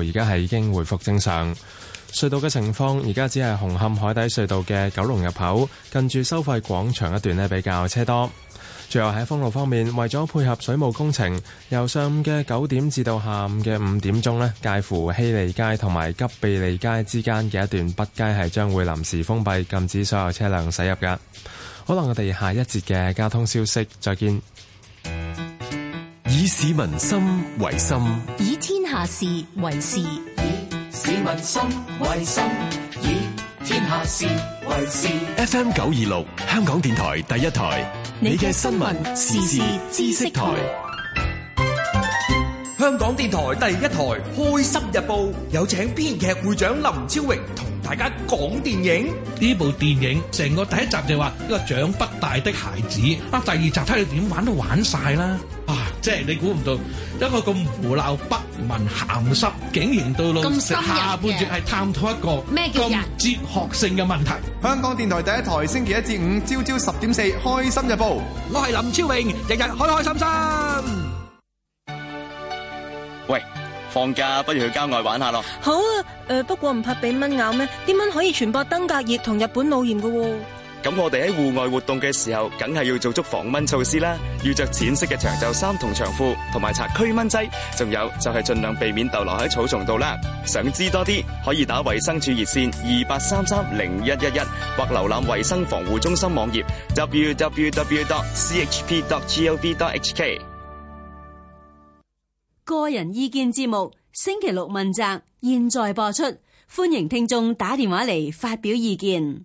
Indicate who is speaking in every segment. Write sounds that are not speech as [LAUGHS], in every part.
Speaker 1: 而家係已經回復正常。隧道嘅情況，而家只係紅磡海底隧道嘅九龍入口近住收費廣場一段咧比較車多。最後喺封路方面，為咗配合水務工程，由上午嘅九點至到下午嘅五點鐘咧，介乎希利街同埋吉庇利街之間嘅一段北街係將會臨時封閉，禁止所有車輛駛入噶。好啦，我哋下一節嘅交通消息，再見。以市民心為心。
Speaker 2: 以以事為事，以市民心為心，以天下事為事。
Speaker 1: FM 九二六，香港電台第一台，你嘅新聞時事知識台。香港電台第一台開心日報，有請編劇會長林超榮同大家講電影。呢部電影成個第一集就話一個長不大的孩子啊，第二集睇你點玩都玩
Speaker 3: 晒啦。即係你估唔到，一個咁胡鬧不文咸濕，竟
Speaker 1: 然對老師下半段係探討一個咁哲學性嘅問題。香港電台第一台星期一至五朝朝十點四《開心日報》，我係林超榮，日日開
Speaker 2: 開心心。
Speaker 1: 喂，放假不如去郊外玩下咯。
Speaker 2: 好啊，誒、呃、不過唔怕俾蚊咬咩？啲蚊可以傳播登革熱同日本腦炎嘅喎。
Speaker 1: 咁我哋喺戶外活動嘅時候，梗係要做足防蚊措施啦。要着淺色嘅長袖衫同長褲，同埋搽驅蚊劑。仲有就係、是、盡量避免逗留喺草叢度啦。想知多啲，可以打衛生署熱線二八三三零一一一，或瀏覽衛生防護中心網頁 www.chp.gov.hk。Www.
Speaker 2: 個人意見節目，星期六問責，現在播出，歡迎聽眾打電話嚟發表意見。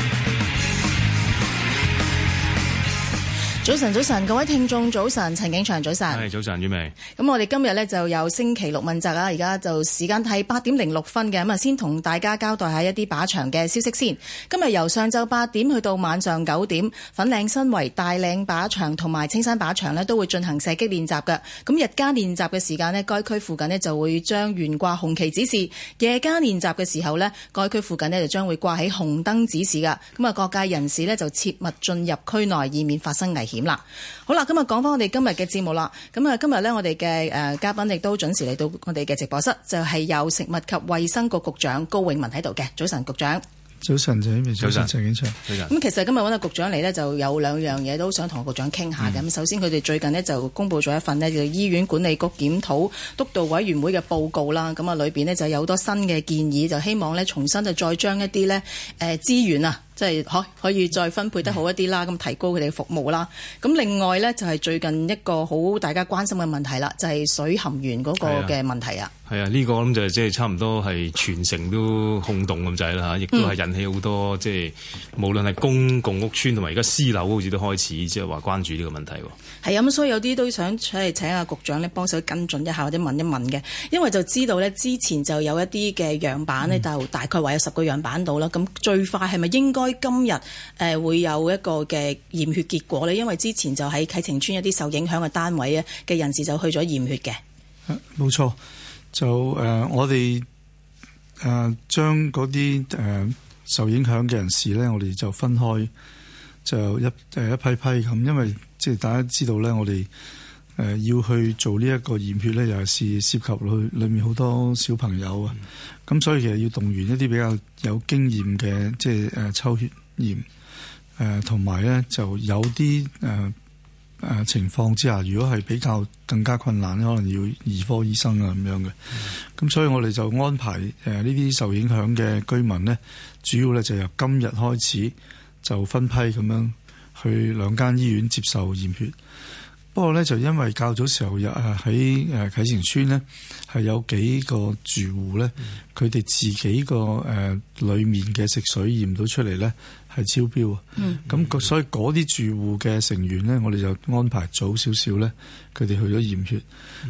Speaker 2: 早晨，早晨，各位聽眾，早晨，陳景祥，早晨。係
Speaker 3: 早晨，婉薇。
Speaker 2: 咁我哋今日咧，就由星期六問責啦，而家就時間係八點零六分嘅，咁啊先同大家交代下一啲靶場嘅消息先。今日由上晝八點去到晚上九點，粉嶺新圍、大嶺靶場同埋青山靶場咧，都會進行射擊練習嘅。咁日間練習嘅時間咧，該區附近咧就會將懸掛紅旗指示；夜間練習嘅時候咧，該區附近咧就將會掛起紅燈指示噶。咁啊，各界人士咧就切勿進入區內，以免發生危險。險啦，好啦，今日講翻我哋今日嘅節目啦。咁啊，今日呢，我哋嘅誒嘉賓亦都準時嚟到我哋嘅直播室，就係、是、有食物及衛生局，局局長高永文喺度嘅。早晨，局長。
Speaker 4: 早晨，陳秘書長。早晨。咁其
Speaker 2: 實今日揾到局長嚟呢，就有兩樣嘢都想同阿局長傾下嘅。咁、嗯、首先，佢哋最近呢，就公布咗一份呢就醫院管理局檢討督導委員會嘅報告啦。咁啊裏邊呢，就有好多新嘅建議，就希望呢重新就再將一啲呢誒資源啊。.即係嚇，可以再分配得好一啲啦，咁提高佢哋嘅服務啦。咁另外呢，就係最近一個好大家關心嘅問題啦，就係、是、水含鉛嗰個嘅問題啊。
Speaker 3: 係啊，呢、這個咁就即係差唔多係全城都轟動咁滯啦，亦都係引起好多、嗯、即係無論係公共屋邨同埋而家私樓，好似都開始即係話關注呢個問題。
Speaker 2: 係啊，咁所以有啲都想出嚟請阿局長咧幫手跟進一下或者問一問嘅，因為就知道呢，之前就有一啲嘅樣板呢，就大概話有十個樣板到啦。咁、嗯、最快係咪應該？今日誒會有一個嘅驗血結果咧，因為之前就喺啟晴邨一啲受影響嘅單位啊嘅人士就去咗驗血嘅。
Speaker 4: 冇錯。就誒、呃、我哋誒將嗰啲誒受影響嘅人士咧，我哋就分開就一誒一批批咁，因為即係大家知道咧，我哋。誒要去做呢一個驗血咧，又係涉及去裏面好多小朋友啊，咁、嗯、所以其實要動員一啲比較有經驗嘅，即係誒抽血驗，誒同埋咧就有啲誒誒情況之下，如果係比較更加困難可能要兒科醫生啊咁樣嘅。咁、嗯、所以我哋就安排誒呢啲受影響嘅居民咧，主要咧就由今日開始就分批咁樣去兩間醫院接受驗血。不過咧，就因為較早時候有喺誒啟晴邨咧，係有幾個住戶咧，佢哋、嗯、自己個誒裏面嘅食水驗到出嚟咧係超標啊。咁所以嗰啲住戶嘅成員咧，我哋就安排早少少咧，佢哋去咗驗血。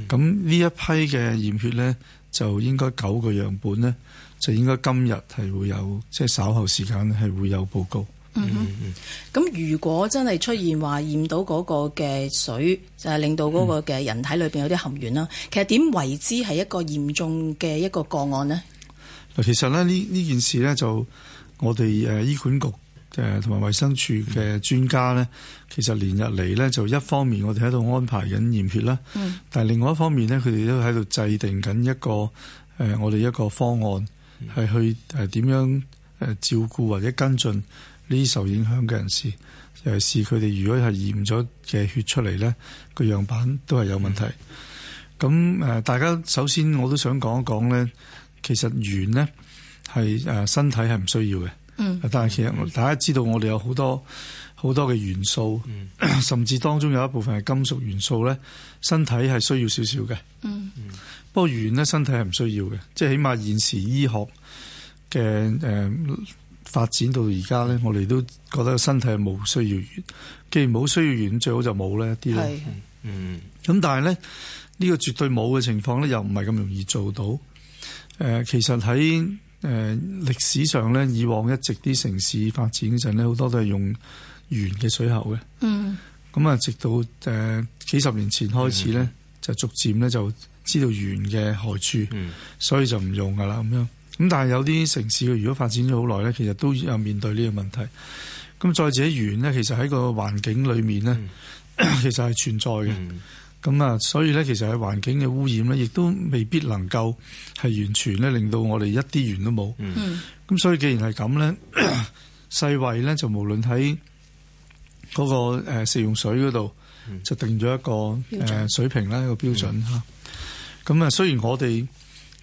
Speaker 4: 咁呢、嗯、一批嘅驗血咧，就應該九個樣本咧，就應該今日係會有，即、就、係、是、稍後時間係會有報告。
Speaker 2: 嗯，咁如果真係出現話驗到嗰個嘅水，就係令到嗰個嘅人體裏邊有啲含鉛啦。嗯、其實點為之係一個嚴重嘅一個個案呢？
Speaker 4: 嗱，其實咧呢呢件事呢，就我哋誒醫管局誒同埋衛生署嘅專家呢，嗯、其實連日嚟呢，就一方面我哋喺度安排緊驗血啦，嗯、但係另外一方面呢，佢哋都喺度制定緊一個誒我哋一個方案係去誒點樣誒照顧或者跟進呢受影響嘅人士，尤其是佢哋如果係驗咗嘅血出嚟咧，個樣板都係有問題。咁誒、嗯呃，大家首先我都想講一講咧，其實鉛咧係誒身體係唔需要嘅。嗯。但係其實大家知道我，我哋有好多好多嘅元素，嗯、甚至當中有一部分係金屬元素咧，身體係需要少少嘅。嗯。不過鉛咧，身體係唔需要嘅，即係起碼現時醫學嘅誒。呃發展到而家咧，我哋都覺得身體係冇需要鉛，既然冇需要鉛，最好就冇的呢一啲咯。嗯，咁但係咧，呢個絕對冇嘅情況咧，又唔係咁容易做到。誒、呃，其實喺誒、呃、歷史上咧，以往一直啲城市發展嗰陣咧，好多都係用鉛嘅水喉嘅。嗯，咁啊，直到誒、呃、幾十年前開始咧，嗯、就逐漸咧就知道鉛嘅害處，嗯、所以就唔用噶啦咁樣。咁但係有啲城市嘅，如果發展咗好耐咧，其實都有面對呢個問題。咁再者，鉛咧，其實喺個環境裏面咧，嗯、其實係存在嘅。咁啊、嗯，所以咧，其實喺環境嘅污染咧，亦都未必能夠係完全咧，令到我哋一啲鉛都冇。咁、嗯、所以，既然係咁咧，世衛咧就無論喺嗰個誒食用水嗰度，就定咗一個誒水平啦，一個標準吓。咁啊準、嗯，雖然我哋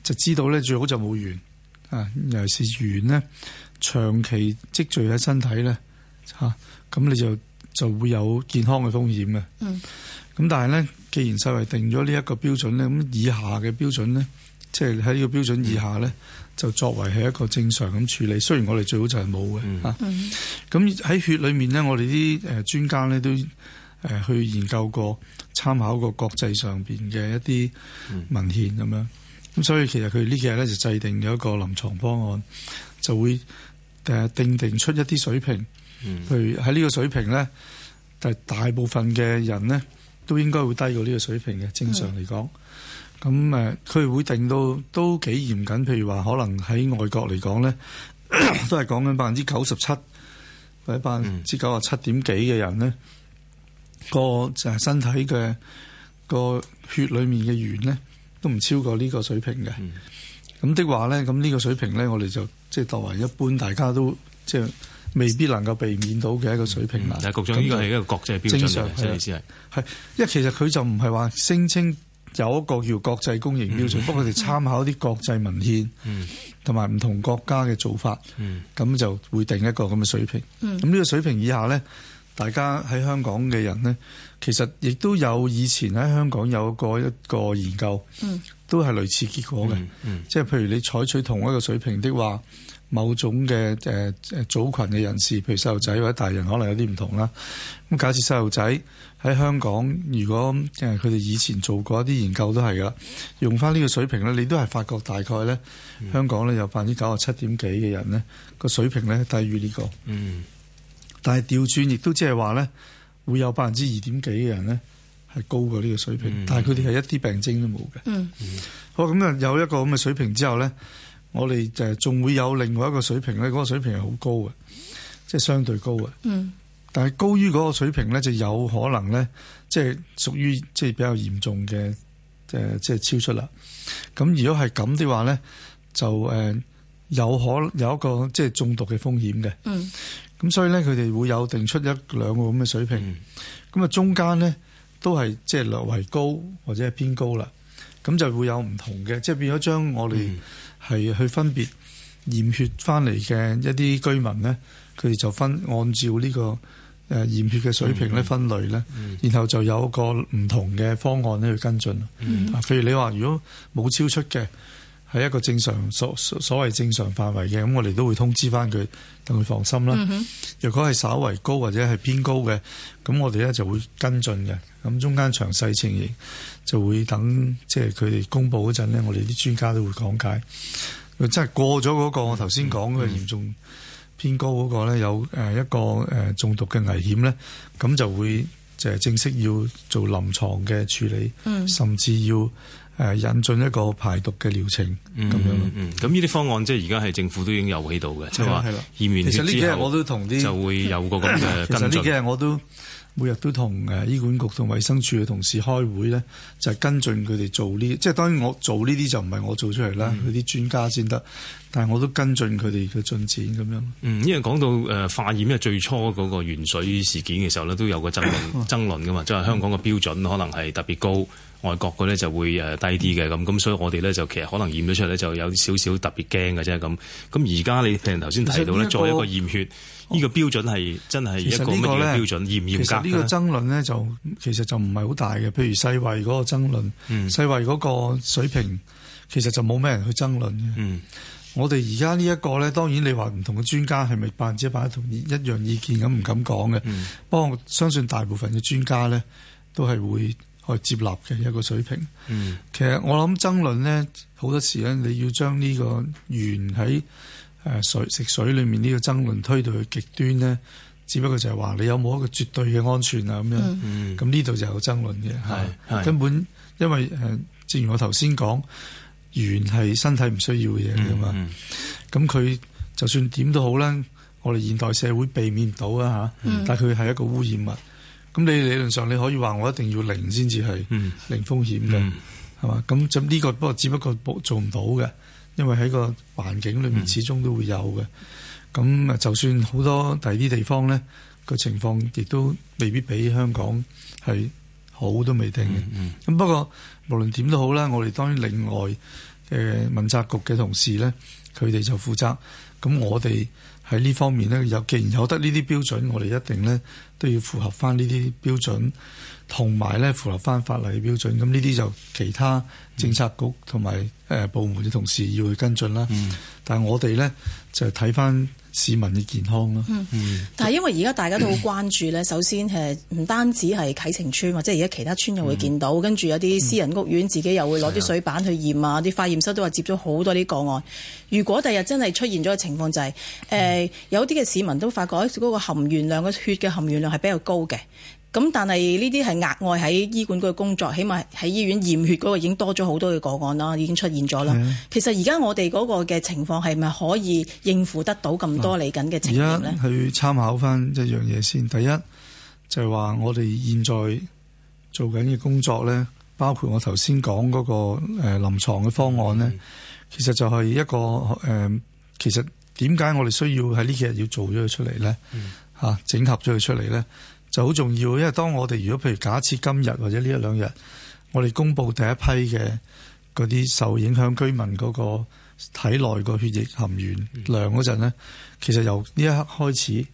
Speaker 4: 就知道咧，最好就冇鉛。啊，尤其是鉛咧，長期積聚喺身體咧，嚇、啊，咁你就就會有健康嘅風險嘅。嗯。咁但係咧，既然世衞定咗呢一個標準咧，咁以下嘅標準咧，即係喺呢個標準以下咧，嗯、就作為係一個正常咁處理。雖然我哋最好就係冇嘅。嗯。咁喺、啊、血裏面咧，我哋啲誒專家咧都誒去研究過，參考過國際上邊嘅一啲文獻咁樣。嗯嗯咁所以其實佢呢幾日咧就制定咗一個臨床方案，就會誒定定出一啲水平，譬如喺呢個水平咧，但大部分嘅人咧都應該會低過呢個水平嘅，正常嚟講。咁誒是，佢會定到都幾嚴謹，譬如話可能喺外國嚟講咧，都係講緊百分之九十七或者百分之九十七點幾嘅人咧，個就係身體嘅個血裡面嘅鉛咧。都唔超過呢個水平嘅，咁、嗯、的話呢，咁呢個水平呢，我哋就即係當為一般，大家都即係、就是、未必能夠避免到嘅一個水平啦、嗯嗯。但係局長，呢個係一個國際標準，即係意思係因為其實佢就唔係話聲稱有一個叫國際公認標準，嗯、不過佢哋參考啲國際文獻，同埋唔同國家嘅做法，嗯，咁就會定一個咁嘅水平。嗯，咁呢個水平以下呢，大家喺香港嘅人呢。其實亦都有以前喺香港有過一個研究，嗯、都係類似結果嘅。嗯嗯、即係譬如你採取同一個水平的話，某種嘅誒誒組群嘅人士，譬如細路仔或者大人，可能有啲唔同啦。咁假設細路仔喺香港，如果誒佢哋以前做過一啲研究都係噶，用翻呢個水平咧，你都係發覺大概咧，嗯、香港咧有百分之九十七點幾嘅人咧個水平咧低於呢、呢個。嗯。嗯但係調轉亦都即係話咧。會有百分之二點幾嘅人咧，係高過呢個水平，但係佢哋係一啲病徵都冇嘅。嗯，嗯好咁啊，有一個咁嘅水平之後咧，我哋誒仲會有另外一個水平咧，嗰個水平係好高嘅，即係相對高嘅。嗯，但係高於嗰個水平咧，就有可能咧，即係屬於即係比較嚴重嘅，誒，即係超出啦。咁如果係咁啲話咧，就誒有可有一個即係中毒嘅風險嘅。嗯。咁所以咧，佢哋會有定出一兩個咁嘅水平，咁啊、嗯、中間咧都係即係略為高或者係偏高啦。咁就會有唔同嘅，即係變咗將我哋係去分別驗血翻嚟嘅一啲居民咧，佢哋就分按照呢、呢個誒驗、呃、血嘅水平咧分類咧，嗯嗯嗯、然後就有個唔同嘅方案咧去跟進。嗯、譬如你話如果冇超出嘅。係一個正常所所謂正常範圍嘅，咁我哋都會通知翻佢，等佢放心啦。若、
Speaker 5: mm
Speaker 4: hmm. 果係稍為高或者係偏高嘅，咁我哋咧就會跟進嘅。咁中間詳細情形就會等，即係佢哋公布嗰陣咧，我哋啲專家都會講解。佢真係過咗嗰、那個我頭先講嘅嚴重偏高嗰、那個咧，mm hmm. 有誒一個誒、呃呃、中毒嘅危險咧，咁就會就係正式要做臨床嘅處理，mm hmm. 甚至要。誒引進一個排毒嘅療程，咁、嗯、樣咯、
Speaker 3: 嗯。嗯，咁呢啲方案即係而家係政府都已經有喺度嘅，即係話驗完血之後我都同啲，就會有個咁嘅。其實呢幾日
Speaker 4: 我都每日都同誒醫管局同衛生署嘅同事開會咧，就係、是、跟進佢哋做呢，即係當然我做呢啲就唔係我做出嚟啦，佢啲、嗯、專家先得。但係我都跟進佢哋嘅進展咁樣。嗯，
Speaker 3: 因為講到誒化驗啊，最初嗰個鉛水事件嘅時候咧，都有個爭論爭論噶嘛，即係 [COUGHS] 香港嘅標準可能係特別高。外國嘅咧就會誒低啲嘅咁，咁、嗯、所以我哋咧就其實可能驗咗出嚟就有少少特別驚嘅啫咁。咁而家你聽頭先提到咧，這個、再一個驗血，呢、哦、個標準係真係一個乜嘢標準？驗唔嚴格？呢個爭
Speaker 4: 論咧就其實就唔係好大嘅。譬如世衞嗰個爭論，嗯、世衞嗰個水平其實就冇咩人去爭論嘅。嗯，我哋而家呢一個咧，當然你話唔同嘅專家係咪百分之一百同一一樣意見咁唔敢講嘅？不過、嗯、我相信大部分嘅專家咧都係會，去接納嘅一個水平。嗯、其實我諗爭論咧，好多時咧，你要將呢個鉛喺誒水食水裏面呢個爭論推到去極端咧，只不過就係話你有冇一個絕對嘅安全啊咁樣。咁呢度就有爭論嘅。係根本，因為誒、呃，正如我頭先講，鉛係身體唔需要嘅嘢嚟㗎嘛。咁佢、嗯嗯、就算點都好咧，我哋現代社會避免唔到啊嚇。嗯嗯、但係佢係一個污染物。咁你理論上你可以話我一定要零先至係零風險嘅，係嘛、嗯？咁咁呢個不過只不過做唔到嘅，因為喺個環境裏面始終都會有嘅。咁啊、嗯，就算好多第二啲地方咧，個情況亦都未必比香港係好都未定嘅。咁、嗯嗯、不過無論點都好啦，我哋當然另外誒問責局嘅同事咧，佢哋就負責。咁我哋、嗯。嗯喺呢方面呢，有既然有得呢啲標準，我哋一定呢都要符合翻呢啲標準，同埋呢符合翻法例標準。咁呢啲就其他政策局同埋誒部門嘅同事要去跟進啦。嗯，但係我哋呢就睇翻。市民嘅健康咯，嗯嗯、
Speaker 2: 但係因為而家大家都好關注咧，嗯、首先誒唔單止係啟晴邨或者而家其他邨又會見到，跟住、嗯、有啲私人屋苑自己又會攞啲水板去驗啊，啲、嗯、化驗室都話接咗好多啲個案。如果第日真係出現咗嘅情況，就是，就係誒有啲嘅市民都發覺嗰個含鉛量嘅血嘅含鉛量係比較高嘅。咁但係呢啲係額外喺醫管局嘅工作，起碼喺醫院驗血嗰個已經多咗好多嘅個案啦，已經出現咗啦。的其實而家我哋嗰個嘅情況係咪可以應付得到咁多嚟緊嘅情況咧？去
Speaker 4: 參考返一樣嘢先，第一就係、是、話我哋現在，在做緊嘅工作咧，包括我頭先講嗰個誒臨牀嘅方案咧的，其實就係一個誒，其實點解我哋需要喺呢幾日要做咗佢出嚟咧？嚇的整合咗佢出嚟咧？就好重要，因為當我哋如果譬如假設今日或者呢一兩日，我哋公佈第一批嘅嗰啲受影響居民嗰個體內個血液含鉛量嗰陣咧，嗯、其實由呢一刻開始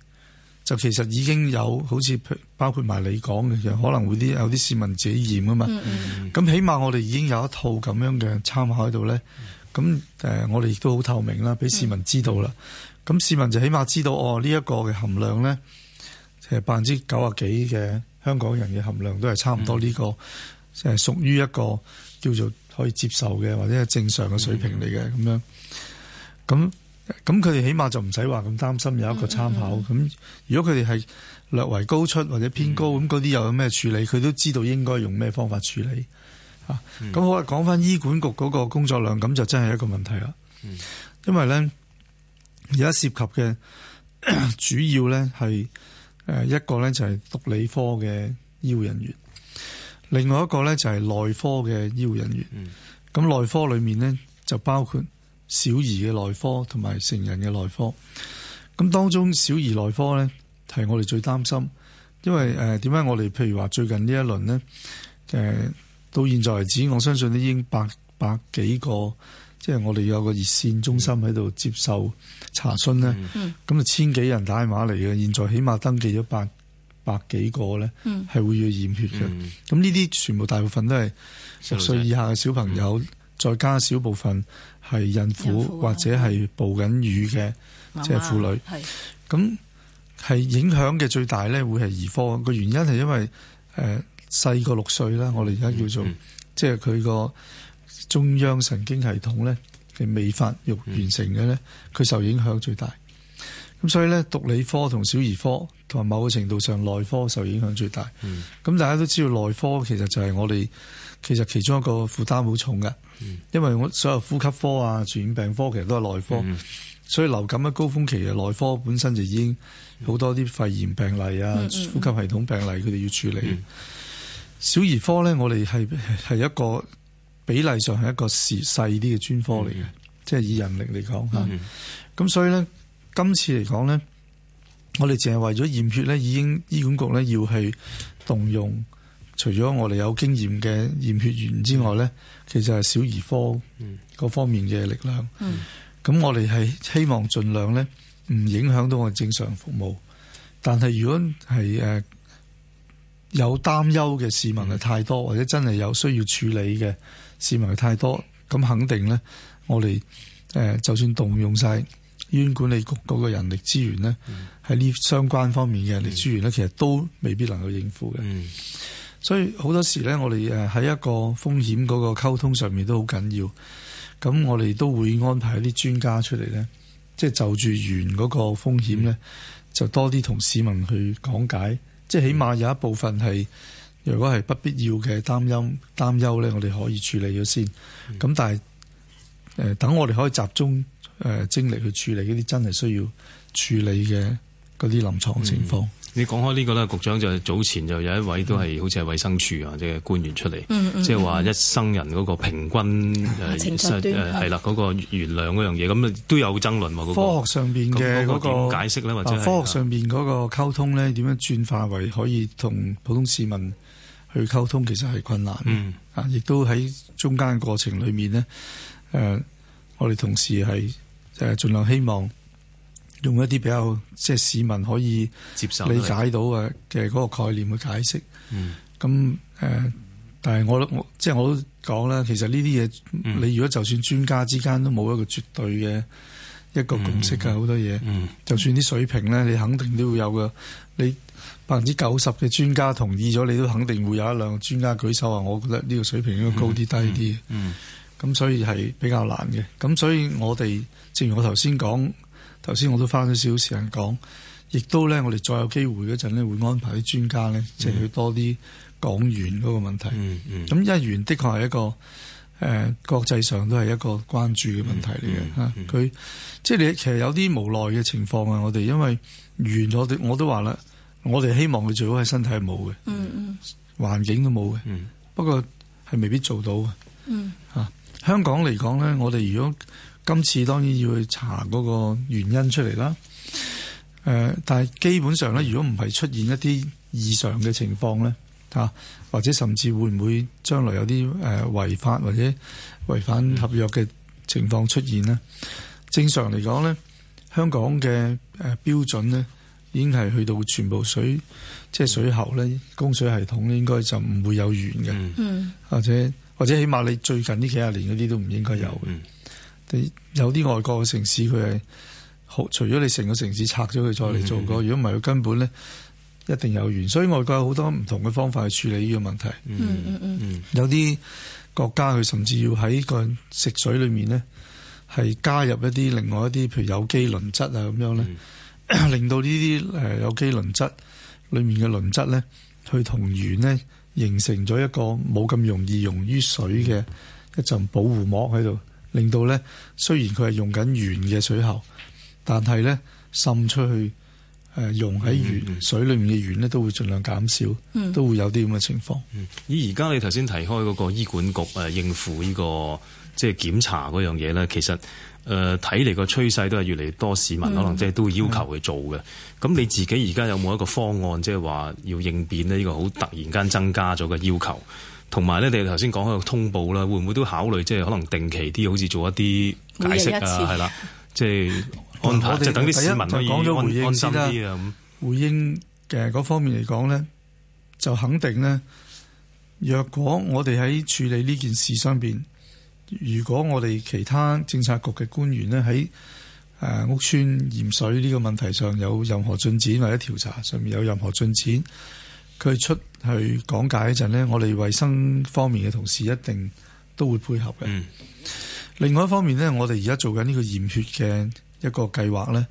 Speaker 4: 就其實已經有好似包括埋你講嘅，有、嗯、可能會啲有啲市民自己驗噶嘛。咁、嗯、起碼我哋已經有一套咁樣嘅參考喺度咧。咁誒、嗯，我哋亦都好透明啦，俾市民知道啦。咁、嗯、市民就起碼知道哦，呢、這、一個嘅含量咧。其實百分之九啊幾嘅香港人嘅含量都係差唔多呢、這個，誒屬於一個叫做可以接受嘅或者係正常嘅水平嚟嘅咁樣。咁咁佢哋起碼就唔使話咁擔心，有一個參考。咁、嗯、如果佢哋係略為高出或者偏高，咁嗰啲又有咩處理？佢都知道應該用咩方法處理啊。咁、嗯、好啦，講翻醫管局嗰個工作量，咁就真係一個問題啦。因為咧而家涉及嘅 [COUGHS] 主要咧係。誒，一個咧，就係讀理科嘅醫護人員，另外一個咧，就係內科嘅醫護人員。咁內、嗯、科裏面呢，就包括小兒嘅內科同埋成人嘅內科。咁當中小兒內科呢，係我哋最擔心，因為誒點解我哋譬如話最近呢一輪呢，誒到現在為止，我相信都已經百百幾個。即係我哋有個熱線中心喺度接受查詢咧，咁啊、嗯、千幾人打電話嚟嘅，現在起碼登記咗百百幾個咧，係、嗯、會要驗血嘅。咁呢啲全部大部分都係六歲以下嘅小朋友，嗯、再加少部分係孕婦、啊、或者係哺緊乳嘅即係婦女。係咁係影響嘅最大咧，會係兒科。個原因係因為誒細過六歲啦，我哋而家叫做即係佢個。中央神經系統呢，係未發育完成嘅呢，佢、嗯、受影響最大。咁所以呢，毒理科同小兒科同埋某個程度上內科受影響最大。咁、嗯、大家都知道內科其實就係我哋其實其中一個負擔好重嘅，嗯、因為我所有呼吸科啊、傳染病科其實都係內科，嗯、所以流感嘅高峰期，內、嗯、科本身就已經好多啲肺炎病例啊、嗯嗯、呼吸系統病例佢哋要處理。小兒科呢，我哋係係一個。比例上係一個事細啲嘅專科嚟嘅，mm hmm. 即係以人力嚟講嚇。咁、mm hmm. 所以咧，今次嚟講咧，我哋淨係為咗驗血咧，已經醫管局咧要去動用，除咗我哋有經驗嘅驗血員之外咧，其實係小兒科嗰方面嘅力量。咁、mm hmm. 我哋係希望盡量咧唔影響到我哋正常服務，但係如果係誒、呃有擔憂嘅市民係太多，或者真係有需要處理嘅市民係太多，咁肯定呢，我哋誒、呃、就算動用晒醫院管理局嗰個人力資源呢，喺呢、嗯、相關方面嘅人力資源呢，嗯、其實都未必能夠應付嘅。嗯、所以好多時呢，我哋誒喺一個風險嗰個溝通上面都好緊要。咁我哋都會安排一啲專家出嚟呢，即係就住原嗰個風險呢，就，是就，嗯、就多啲同市民去講解。即起碼有一部分係如果係不必要嘅擔憂擔憂咧，我哋可以處理咗先。咁、嗯、但係誒、呃、等我哋可以集中誒精力去處理嗰啲真係需要處理嘅啲臨床情況。嗯
Speaker 3: 你講開呢個咧，局長就早前就有一位都係好似係衛生署或者官員出嚟，即係話一生人嗰個平均，係啦嗰個原量嗰樣嘢，咁都有爭論。那個、科學
Speaker 4: 上邊嘅嗰個，個解釋咧，或者科學上邊嗰個溝通咧，點樣轉化為可以同普通市民去溝通，其實係困難。啊、嗯，亦都喺中間嘅過程裏面咧，誒、呃，我哋同事係誒盡量希望。用一啲比較，即係市民可以接受理解到嘅嘅個概念去解釋。嗯。咁誒、呃，但係我我即係我都講啦，其實呢啲嘢你如果就算專家之間都冇一個絕對嘅一個共識嘅好、嗯、多嘢、嗯。嗯。就算啲水平咧，你肯定都會有嘅。你百分之九十嘅專家同意咗，你都肯定會有一兩個專家舉手話，我覺得呢個水平應該高啲、低啲、嗯。嗯。咁、嗯、所以係比較難嘅。咁所以我哋正如我頭先講。頭先我都花咗少少時間講，亦都咧，我哋再有機會嗰陣咧，會安排啲專家咧，即係去多啲講鉛嗰個問題。嗯嗯。咁一鉛，的確係一個誒、呃、國際上都係一個關注嘅問題嚟嘅嚇。佢、嗯嗯嗯、即係你其實有啲無奈嘅情況啊！我哋因為鉛，我哋我都話啦，我哋希望佢最好係身體冇嘅。嗯嗯。環境都冇嘅。嗯、不過係未必做到嘅、嗯。嗯。嚇、嗯！香港嚟講咧，我哋如果今次當然要去查嗰個原因出嚟啦。誒、呃，但係基本上咧，如果唔係出現一啲異常嘅情況咧，嚇、啊、或者甚至會唔會將來有啲誒、呃、違法或者違反合約嘅情況出現咧？嗯、正常嚟講咧，香港嘅誒、呃、標準咧，已經係去到全部水、嗯、即係水喉咧，供水系統應該就唔會有鉛嘅。嗯。或者或者起碼你最近呢幾十年嗰啲都唔應該有嘅。嗯有啲外國嘅城市，佢係好除咗你成個城市拆咗佢，再嚟做過。如果唔係，佢根本咧一定有鉛。所以外國有好多唔同嘅方法去處理呢個問題。嗯嗯嗯。嗯，有啲國家佢甚至要喺個食水裏面咧，係加入一啲另外一啲，譬如有機磷質啊咁樣咧，嗯、令到呢啲誒有機磷質裡面嘅磷質咧，去同鉛咧形成咗一個冇咁容易溶於水嘅一層保護膜喺度。令到咧，雖然佢係用緊鉛嘅水喉，但係咧滲出去誒、呃、溶喺鉛、嗯嗯、水裏面嘅鉛咧，都會盡量減少，嗯、都會有啲咁嘅情況。
Speaker 3: 嗯、以而家你頭先提開嗰個醫管局誒、呃、應付呢、呢個即係檢查嗰樣嘢咧，其實。誒睇嚟個趨勢都係越嚟越多市民、嗯、可能即係都會要求去做嘅。咁、嗯、你自己而家有冇一個方案，即係話要應變咧？呢個好突然間增加咗嘅要求，同埋咧，你頭先講開個通報啦，會唔會都考慮即係、就是、可能定期啲，好似做一啲解釋啊？係啦，即係、就是、安排，即等啲市民可以安，安心啲啊。
Speaker 4: 回應嘅嗰方面嚟講咧，就肯定咧。若果我哋喺處理呢件事上邊，如果我哋其他政策局嘅官員呢，喺誒屋邨鉛水呢個問題上有任何進展或者調查上面有任何進展，佢出去講解一陣呢，我哋衛生方面嘅同事一定都會配合嘅。嗯、另外一方面呢，我哋而家做緊呢個驗血嘅一個計劃呢。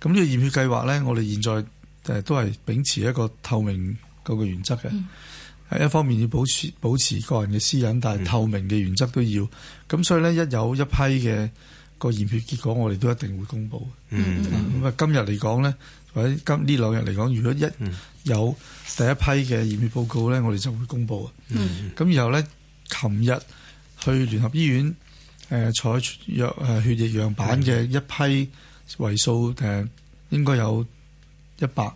Speaker 4: 咁、這、呢個驗血計劃呢，我哋現在誒都係秉持一個透明嗰個原則嘅。嗯係一方面要保持保持個人嘅私隱，但係透明嘅原則都要。咁、嗯、所以咧，一有一批嘅個驗血結果，我哋都一定會公布。咁啊、嗯，嗯、今日嚟講咧，或者今呢兩日嚟講，如果一有第一批嘅驗血報告咧，我哋就會公布。咁、嗯嗯、然後咧，琴日去聯合醫院誒採血誒血液樣板嘅一批為數誒、呃、應該有一百。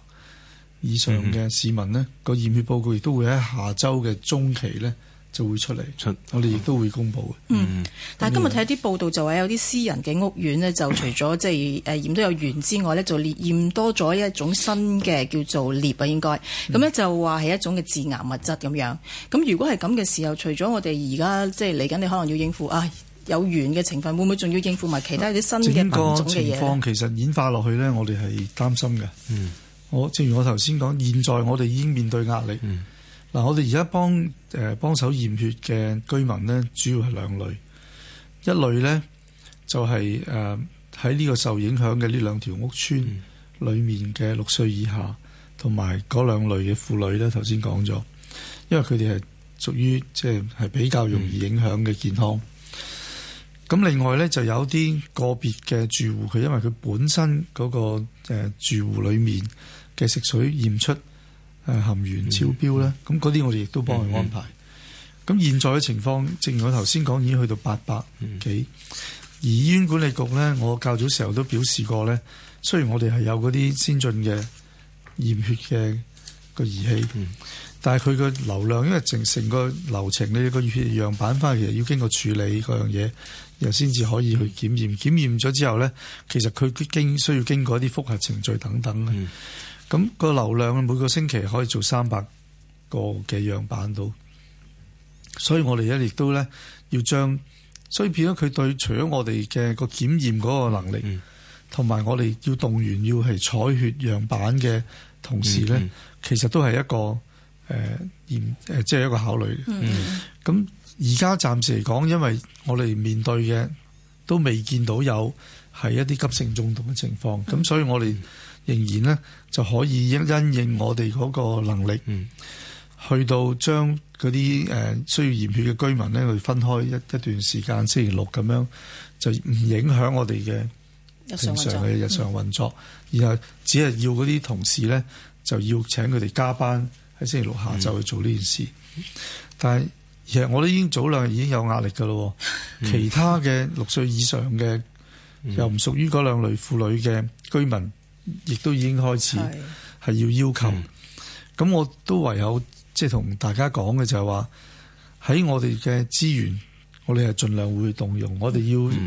Speaker 4: 以上嘅市民呢個、mm hmm. 驗血報告亦都會喺下周嘅中期呢就會出嚟。出我哋亦都會公佈嘅。嗯、
Speaker 2: mm，hmm. 但係今日睇一啲報道就話有啲私人嘅屋苑呢，就除咗即係誒驗都有鉛之外呢，就驗多咗一種新嘅叫做鎳啊，應該咁呢，mm hmm. 就話係一種嘅致癌物質咁樣。咁如果係咁嘅時候，除咗我哋而家即係嚟緊，就是、你可能要應付啊有鉛嘅成分，會唔會仲要應付埋其他啲新嘅品種嘅嘢？
Speaker 4: 其實演化落去呢，我哋係擔心嘅。嗯、mm。Hmm. 我正如我頭先講，現在我哋已經面對壓力。嗱、嗯，我哋而家幫誒幫手驗血嘅居民咧，主要係兩類，一類咧就係誒喺呢個受影響嘅呢兩條屋邨裏面嘅六歲以下，同埋嗰兩類嘅婦女咧。頭先講咗，因為佢哋係屬於即係係比較容易影響嘅健康。咁、嗯、另外咧就有啲個別嘅住戶，佢因為佢本身嗰個住戶裡面嘅食水驗出含鉛超標咧，咁嗰啲我哋亦都幫佢安排。咁現在嘅情況，正如我頭先講，已經去到八百幾。而醫院管理局咧，我較早時候都表示過咧，雖然我哋係有嗰啲先進嘅驗血嘅個儀器，但係佢個流量，因為成成個流程呢個血樣板翻嚟，其實要經過處理嗰樣嘢，然後先至可以去檢驗。檢驗咗之後咧，其實佢經需要經過一啲覆核程序等等嘅。咁個流量每個星期可以做三百個嘅樣板到，所以我哋一亦都咧要將，所以變咗佢對除咗我哋嘅個檢驗嗰個能力，同埋、嗯、我哋要動員要係採血樣板嘅同時咧，嗯嗯、其實都係一個誒嚴誒即係一個考慮。咁而家暫時嚟講，因為我哋面對嘅都未見到有係一啲急性中毒嘅情況，咁、嗯、所以我哋。仍然咧，就可以因應我哋嗰個能力，嗯、去到將嗰啲誒需要驗血嘅居民咧，去分開一一段時間星期六咁樣，就唔影響我哋嘅
Speaker 6: 正常嘅日常運
Speaker 4: 作。然後、嗯、只係要嗰啲同事咧，就要請佢哋加班喺星期六下晝去做呢件事。嗯、但係其實我都已經早兩日已經有壓力噶咯，嗯、其他嘅六歲以上嘅又唔屬於嗰兩類婦女嘅居民。亦都已經開始係，要要求。咁、嗯、我都唯有即係同大家講嘅就係話，喺我哋嘅資源，我哋係盡量會動用。我哋要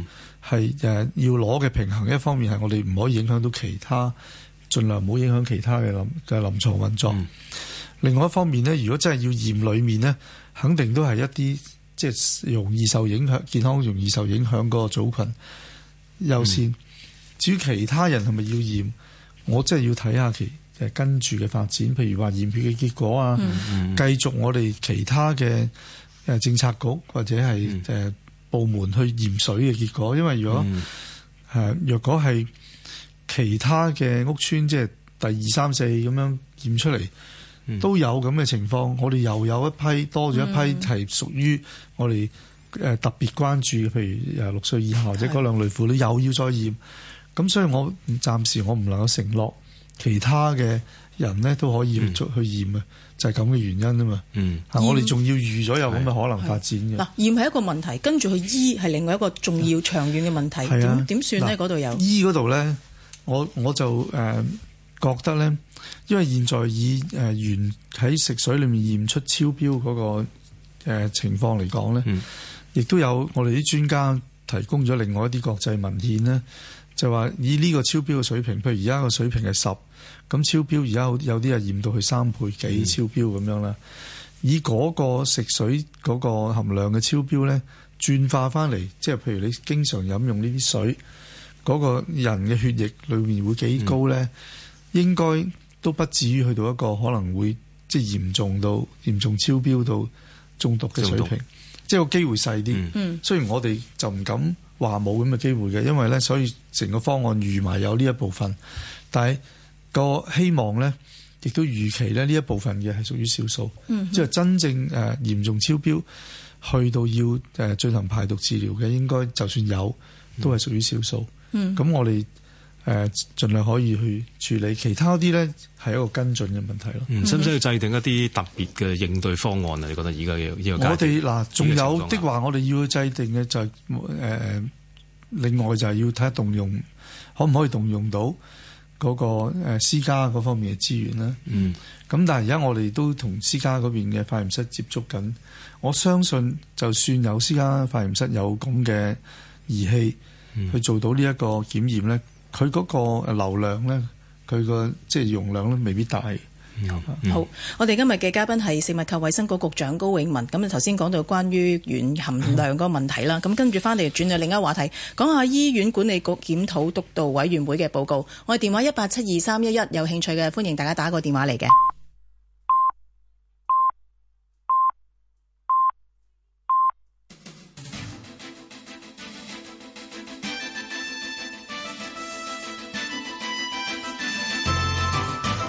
Speaker 4: 係誒、嗯、要攞嘅平衡，一方面係我哋唔可以影響到其他，盡量唔好影響其他嘅臨嘅臨床運作。嗯、另外一方面咧，如果真係要驗裏面咧，肯定都係一啲即係容易受影響、健康容易受影響嗰個組群。優先、嗯、至於其他人係咪要驗？我真係要睇下其誒跟住嘅發展，譬如話驗血嘅結果啊，mm hmm. 繼續我哋其他嘅誒政策局或者係誒部門去驗水嘅結果，因為如果誒若、mm hmm. 啊、果係其他嘅屋村，即係第二三四咁樣驗出嚟，mm hmm. 都有咁嘅情況，我哋又有一批多咗一批係屬於我哋誒特別關注，譬如誒六歲以下或者嗰兩類婦女，又要再驗。咁所以，我暫時我唔能夠承諾其他嘅人咧都可以去去驗啊，嗯、就係咁嘅原因啊嘛。啊、嗯，是我哋仲要預咗有咁嘅可能發展嘅。嗱、啊
Speaker 2: 啊，驗係一個問題，跟住去醫係另外一個重要長遠嘅問題。點點、啊、算咧？嗰度有醫
Speaker 4: 嗰度咧，我我就誒、呃、覺得咧，因為現在以誒原喺食水裏面驗出超標嗰、嗰個、呃、情況嚟講咧，亦、嗯、都有我哋啲專家提供咗另外一啲國際文獻咧。就話以呢個超標嘅水平，譬如而家個水平係十，咁超標而家有啲有啲驗到去三倍幾超標咁樣啦。嗯、以嗰個食水嗰個含量嘅超標呢轉化翻嚟，即係譬如你經常飲用呢啲水，嗰、嗰個人嘅血液裏面會幾高呢？嗯、應該都不至於去到一個可能會即係嚴重到嚴重超標到中毒嘅水平，毒即係個機會細啲。嗯、雖然我哋就唔敢。話冇咁嘅機會嘅，因為咧，所以成個方案預埋有呢一部分，但係個希望咧，亦都預期咧，呢一部分嘅係屬於少數，嗯、哼即係真正誒嚴重超標，去到要誒進行排毒治療嘅，應該就算有，都係屬於少數。咁、嗯、我哋。誒，盡量可以去處理其他啲咧，係一個跟進嘅問題咯。嗯，使唔使要
Speaker 3: 制定一啲特別嘅應對方案啊？你覺得而家嘅呢我哋嗱，仲、啊、有的
Speaker 4: 話，我哋要制定嘅就係、是、誒、呃，另外就係要睇動用，可唔可以動用到嗰個私家嗰方面嘅資源咧？嗯，咁但係而家我哋都同私家嗰邊嘅化驗室接觸緊，我相信就算有私家化驗室有咁嘅儀器，去做到呢一個檢驗咧。嗯嗯佢嗰個流量呢，佢個即係容量呢，未必大。嗯
Speaker 2: 嗯、好，我哋今日嘅嘉賓係食物及衞生局局長高永文。咁啊，頭先講到關於鉛含量嗰個問題啦。咁、嗯、跟住翻嚟轉到另一個話題，講下醫院管理局檢討督導委員會嘅報告。我哋電話一八七二三一一，有興趣嘅歡迎大家打個電話嚟嘅。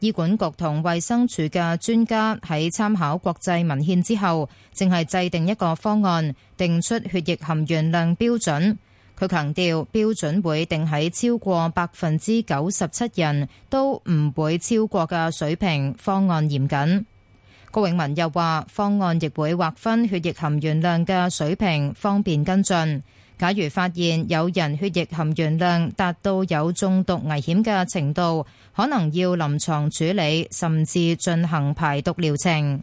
Speaker 6: 醫管局同衛生署嘅專家喺參考國際文獻之後，淨係制定一個方案，定出血液含鉛量標準。佢強調標準會定喺超過百分之九十七人都唔會超過嘅水平方嚴謹。方案嚴謹，高永文又話方案亦會劃分血液含鉛量嘅水平，方便跟進。假如發現有人血液含鉛量達到有中毒危險嘅程度，可能要臨床處理，甚至進行排毒療程。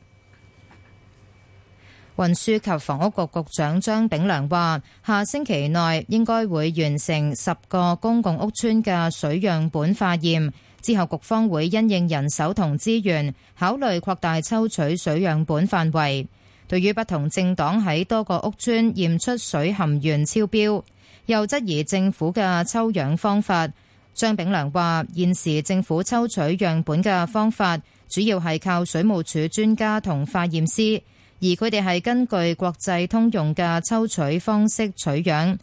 Speaker 6: 運輸及房屋局局長張炳良話，下星期內應該會完成十個公共屋邨嘅水樣本化驗，之後局方會因應人手同資源，考慮擴大抽取水樣本範圍。對於不同政黨喺多個屋邨驗出水含鉛超標，又質疑政府嘅抽樣方法，張炳良話：現時政府抽取樣本嘅方法，主要係靠水務署專家同化驗師，而佢哋係根據國際通用嘅抽取方式取樣，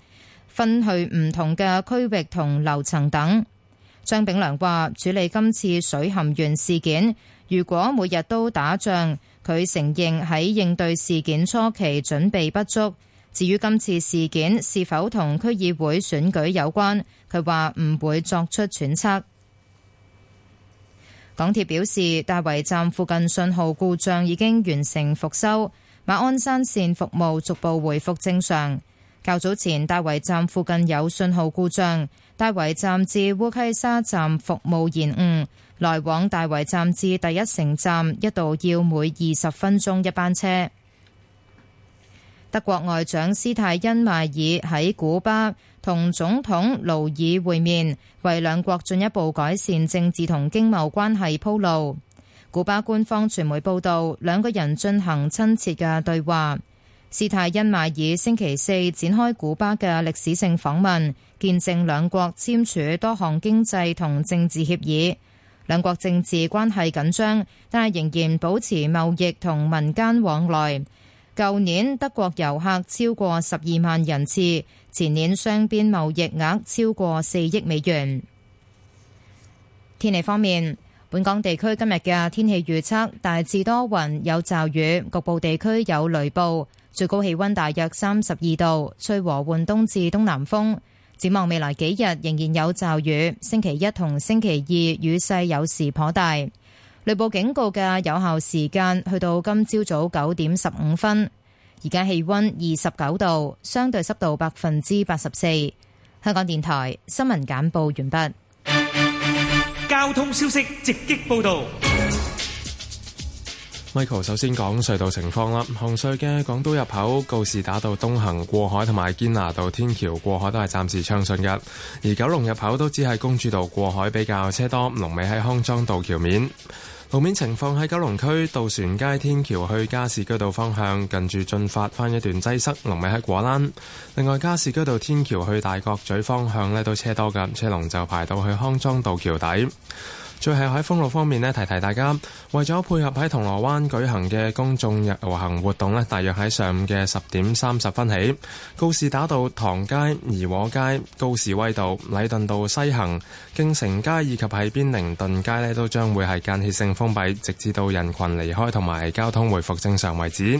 Speaker 6: 分去唔同嘅區域同樓層等。張炳良話：處理今次水含鉛事件，如果每日都打仗。佢承認喺應對事件初期準備不足。至於今次事件是否同區議會選舉有關，佢話唔會作出揣測。港鐵表示，大圍站附近信號故障已經完成復修，馬鞍山線服務逐步回復正常。較早前，大圍站附近有信號故障，大圍站至烏溪沙站服務延誤。來往大圍站至第一城站一度要每二十分鐘一班車。德國外長施泰因邁爾喺古巴同總統勞爾會面，為兩國進一步改善政治同經貿關係鋪路。古巴官方傳媒報道，兩個人進行親切嘅對話。施泰因邁爾星期四展開古巴嘅歷史性訪問，見證兩國簽署多項經濟同政治協議。兩國政治關係緊張，但係仍然保持貿易同民間往來。舊年德國遊客超過十二萬人次，前年雙邊貿易額超過四億美元。天氣方面，本港地區今日嘅天氣預測大致多雲，有驟雨，局部地區有雷暴，最高氣溫大約三十二度，吹和緩東至東南風。展望未來幾日仍然有驟雨，星期一同星期二雨勢有時頗大。雷暴警告嘅有效時間去到今朝早九點十五分。而家氣溫二十九度，相對濕度百分之八十四。香港電台新聞簡報完畢。交
Speaker 3: 通消息直擊報道。
Speaker 1: Michael 首先講隧道情況啦，紅隧嘅港島入口告士打道東行過海同埋堅拿道天橋過海都係暫時暢順嘅，而九龍入口都只係公主道過海比較車多，龍尾喺康莊道橋面。路面情況喺九龍區渡船街天橋去加士居道方向，近住進發翻一段擠塞，龍尾喺果欄。另外，加士居道天橋去大角咀方向呢都車多嘅，車龍就排到去康莊道橋底。最後喺封路方面呢，提提大家，為咗配合喺銅鑼灣舉行嘅公眾遊行活動呢，大約喺上午嘅十點三十分起，告士打道、唐街、怡和街、高士威道、禮頓道西行、敬成街以及喺邊寧頓街呢，都將會係間歇性封閉，直至到人群離開同埋交通回復正常為止。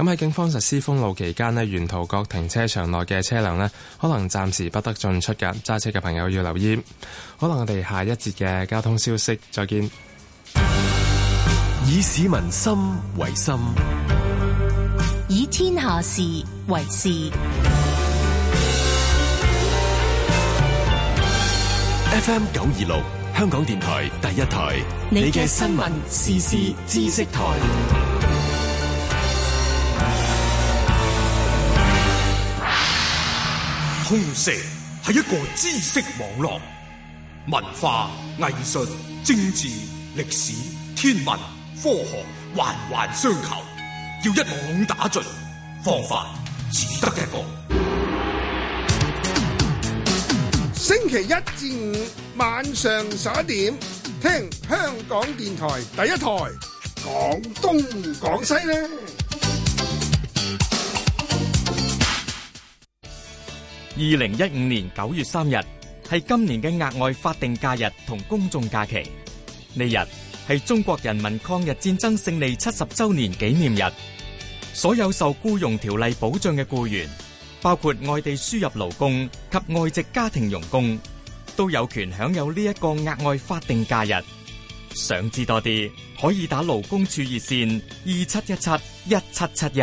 Speaker 1: 咁喺警方實施封路期間呢沿途各停車場內嘅車輛呢，可能暫時不得進出㗎，揸車嘅朋友要留意。可能我哋下一節嘅交通消息再見。以市民心為心，
Speaker 2: 以天下事為事。
Speaker 1: FM 九二六香港電台第一台，你嘅新聞時事知識台。通識係一個知識網絡，文化、藝術、政治、歷史、天文、科學，環環相扣。要一網打盡，方法只得一個。
Speaker 4: 星期一至五晚上十一點，聽香港電台第一台講東講西咧。
Speaker 1: 二零一五年九月三日係今年嘅額外法定假日同公眾假期。
Speaker 3: 呢日係中國人民抗日戰爭勝利七十周年紀念日。
Speaker 1: 所有受僱傭條例保障嘅僱員，包括外地輸入勞工及外籍家庭傭工，都有權享有呢一個額外法定假日。想知多啲，可以打勞工處熱線二七一七一七七一。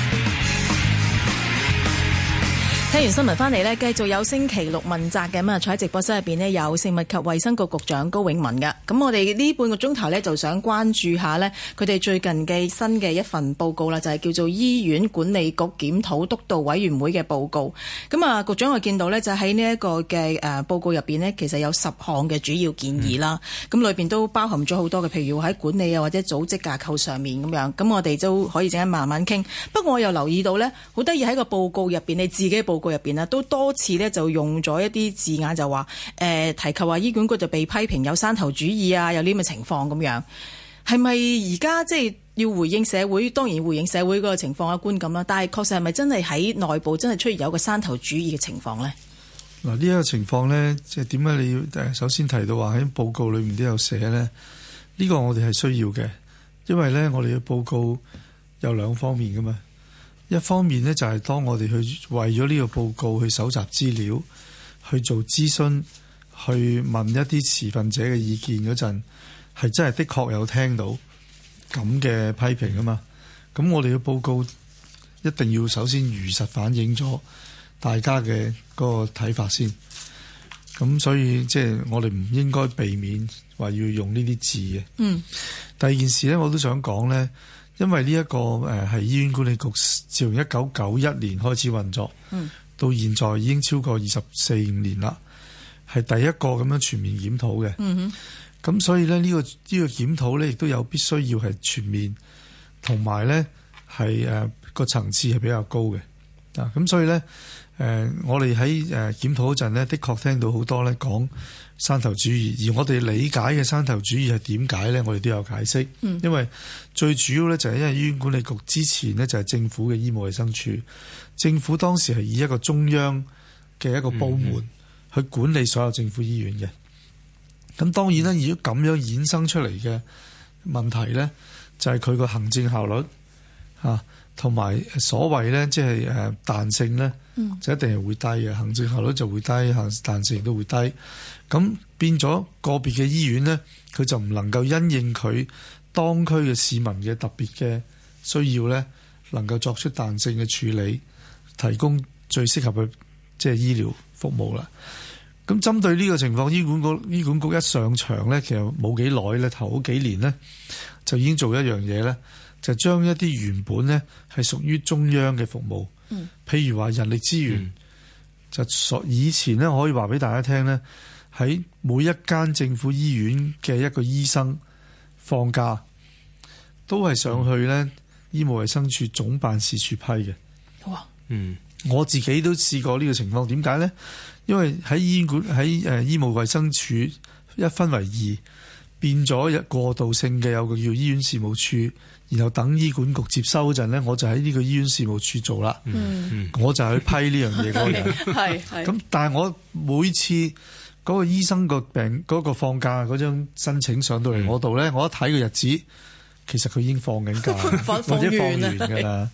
Speaker 2: 聽完新聞翻嚟，咧，繼續有星期六問責嘅咁啊！坐喺直播室入邊咧，有食物及衛生局局長高永文噶。咁我哋呢半個鐘頭呢，就想關注下呢佢哋最近嘅新嘅一份報告啦，就係、是、叫做醫院管理局檢討督導委員會嘅報告。咁啊，局長我見到呢就喺呢一個嘅誒報告入邊呢，其實有十項嘅主要建議啦。咁、嗯、裏邊都包含咗好多嘅，譬如喺管理啊或者組織架構上面咁樣。咁我哋都可以陣間慢慢傾。不過我又留意到呢，好得意喺個報告入邊，你自己報。個入邊咧，都多次呢，就用咗一啲字眼，就話誒、呃、提及話醫管局就被批評有山頭主義啊，有呢咁嘅情況咁樣，係咪而家即係要回應社會？當然回應社會個情況嘅觀感啦。但係確實係咪真係喺內部真係出現有個山頭主義嘅情況呢？
Speaker 4: 嗱，呢一個情況呢，即係點解你要首先提到話喺報告裏面都有寫呢，呢、這個我哋係需要嘅，因為呢，我哋嘅報告有兩方面噶嘛。一方面咧，就係、是、當我哋去為咗呢個報告去搜集資料、去做諮詢、去問一啲持份者嘅意見嗰陣，係真係的確有聽到咁嘅批評啊嘛。咁我哋嘅報告一定要首先如實反映咗大家嘅嗰個睇法先。咁所以即係、就是、我哋唔應該避免話要用呢啲字嘅。嗯。第二件事咧，我都想講咧。因為呢一個誒係醫院管理局，自從一九九一年開始運作，嗯、到現在已經超過二十四五年啦，係第一個咁樣全面檢討嘅。咁、嗯、哼所以咧呢、呢個呢、呢個檢討咧，亦都有必須要係全面，同埋咧係誒個層次係比較高嘅。啊，咁所以咧誒、呃、我哋喺誒檢討嗰陣咧，的確聽到好多咧講。山頭主義，而我哋理解嘅山頭主義係點解呢？我哋都有解釋，嗯、因為最主要呢，就係因為醫院管理局之前呢，就係政府嘅醫務衛生署，政府當時係以一個中央嘅一個部門去管理所有政府醫院嘅。咁當然啦，如果咁樣衍生出嚟嘅問題呢，就係佢個行政效率吓。啊同埋所謂咧，即係誒彈性咧，就一定係會低嘅，嗯、行政效率就會低，行彈性亦都會低。咁變咗個別嘅醫院咧，佢就唔能夠因應佢當區嘅市民嘅特別嘅需要咧，能夠作出彈性嘅處理，提供最適合嘅即係醫療服務啦。咁針對呢個情況，醫管局醫管局一上場咧，其實冇幾耐咧，頭嗰幾年咧，就已經做一樣嘢咧。就將一啲原本呢係屬於中央嘅服務，嗯、譬如話人力資源，嗯、就索以前呢可以話俾大家聽呢喺每一間政府醫院嘅一個醫生放假，都係上去呢醫務衛生處總辦事處批嘅。哇！嗯，我自己都試過呢個情況。點解呢？因為喺醫院喺誒醫務衛生處一分為二，變咗一過渡性嘅有個叫醫院事務處。然後等醫管局接收嗰陣咧,我就喺呢個醫院事務處做啦。嗯,我就去批呢樣嘢嘅人。係係。咁 [LAUGHS] 但係我每次嗰、那個醫生個病嗰、那個放假嗰張申請上到嚟我度咧,嗯、我一睇個日子,其實佢已經放緊假放放放 [LAUGHS] 或者放完噶啦。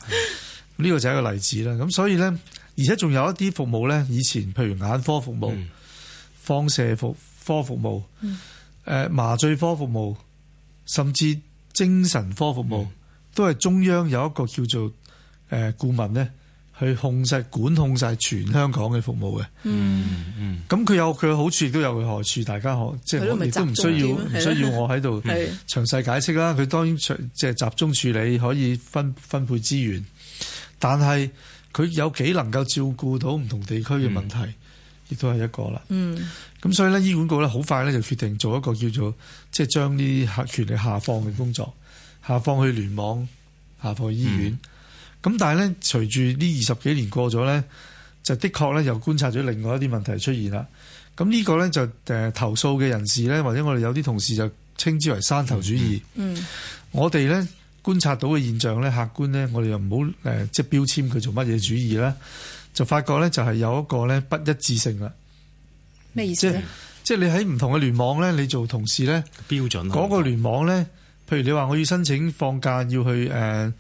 Speaker 4: 呢個就係一個例子啦。咁所以咧,而且仲有一啲服務咧,以前譬如眼科服務、嗯、放射服科服務、誒、呃、麻醉科服務,甚至。精神科服務、嗯、都係中央有一個叫做誒顧問咧，去控制管控晒全香港嘅服務嘅、嗯。嗯嗯，咁佢有佢嘅好處，亦都有佢害處。大家可即係我亦都唔需要唔嗎需要我喺度詳細解釋啦。佢當然即係集中處理，可以分分配資源，但係佢有幾能夠照顧到唔同地區嘅問題，亦、嗯、都係一個啦。嗯。咁所以咧，醫管局咧好快咧就決定做一個叫做即係將啲客權力下放嘅工作，下放去聯網，下放去醫院。咁、嗯、但係咧，隨住呢二十幾年過咗咧，就的確咧又觀察咗另外一啲問題出現啦。咁呢個咧就誒、呃、投訴嘅人士咧，或者我哋有啲同事就稱之為山頭主義。嗯，嗯我哋咧觀察到嘅現象咧，客觀咧，我哋又唔好誒即係標籤佢做乜嘢主義啦，就發覺咧就係、是、有一個咧不一致性啦。
Speaker 2: 咩意
Speaker 4: 思，即係你喺唔同嘅聯網咧，你做同事咧，標準嗰個聯網咧，譬如你話我要申請放假要去誒、呃，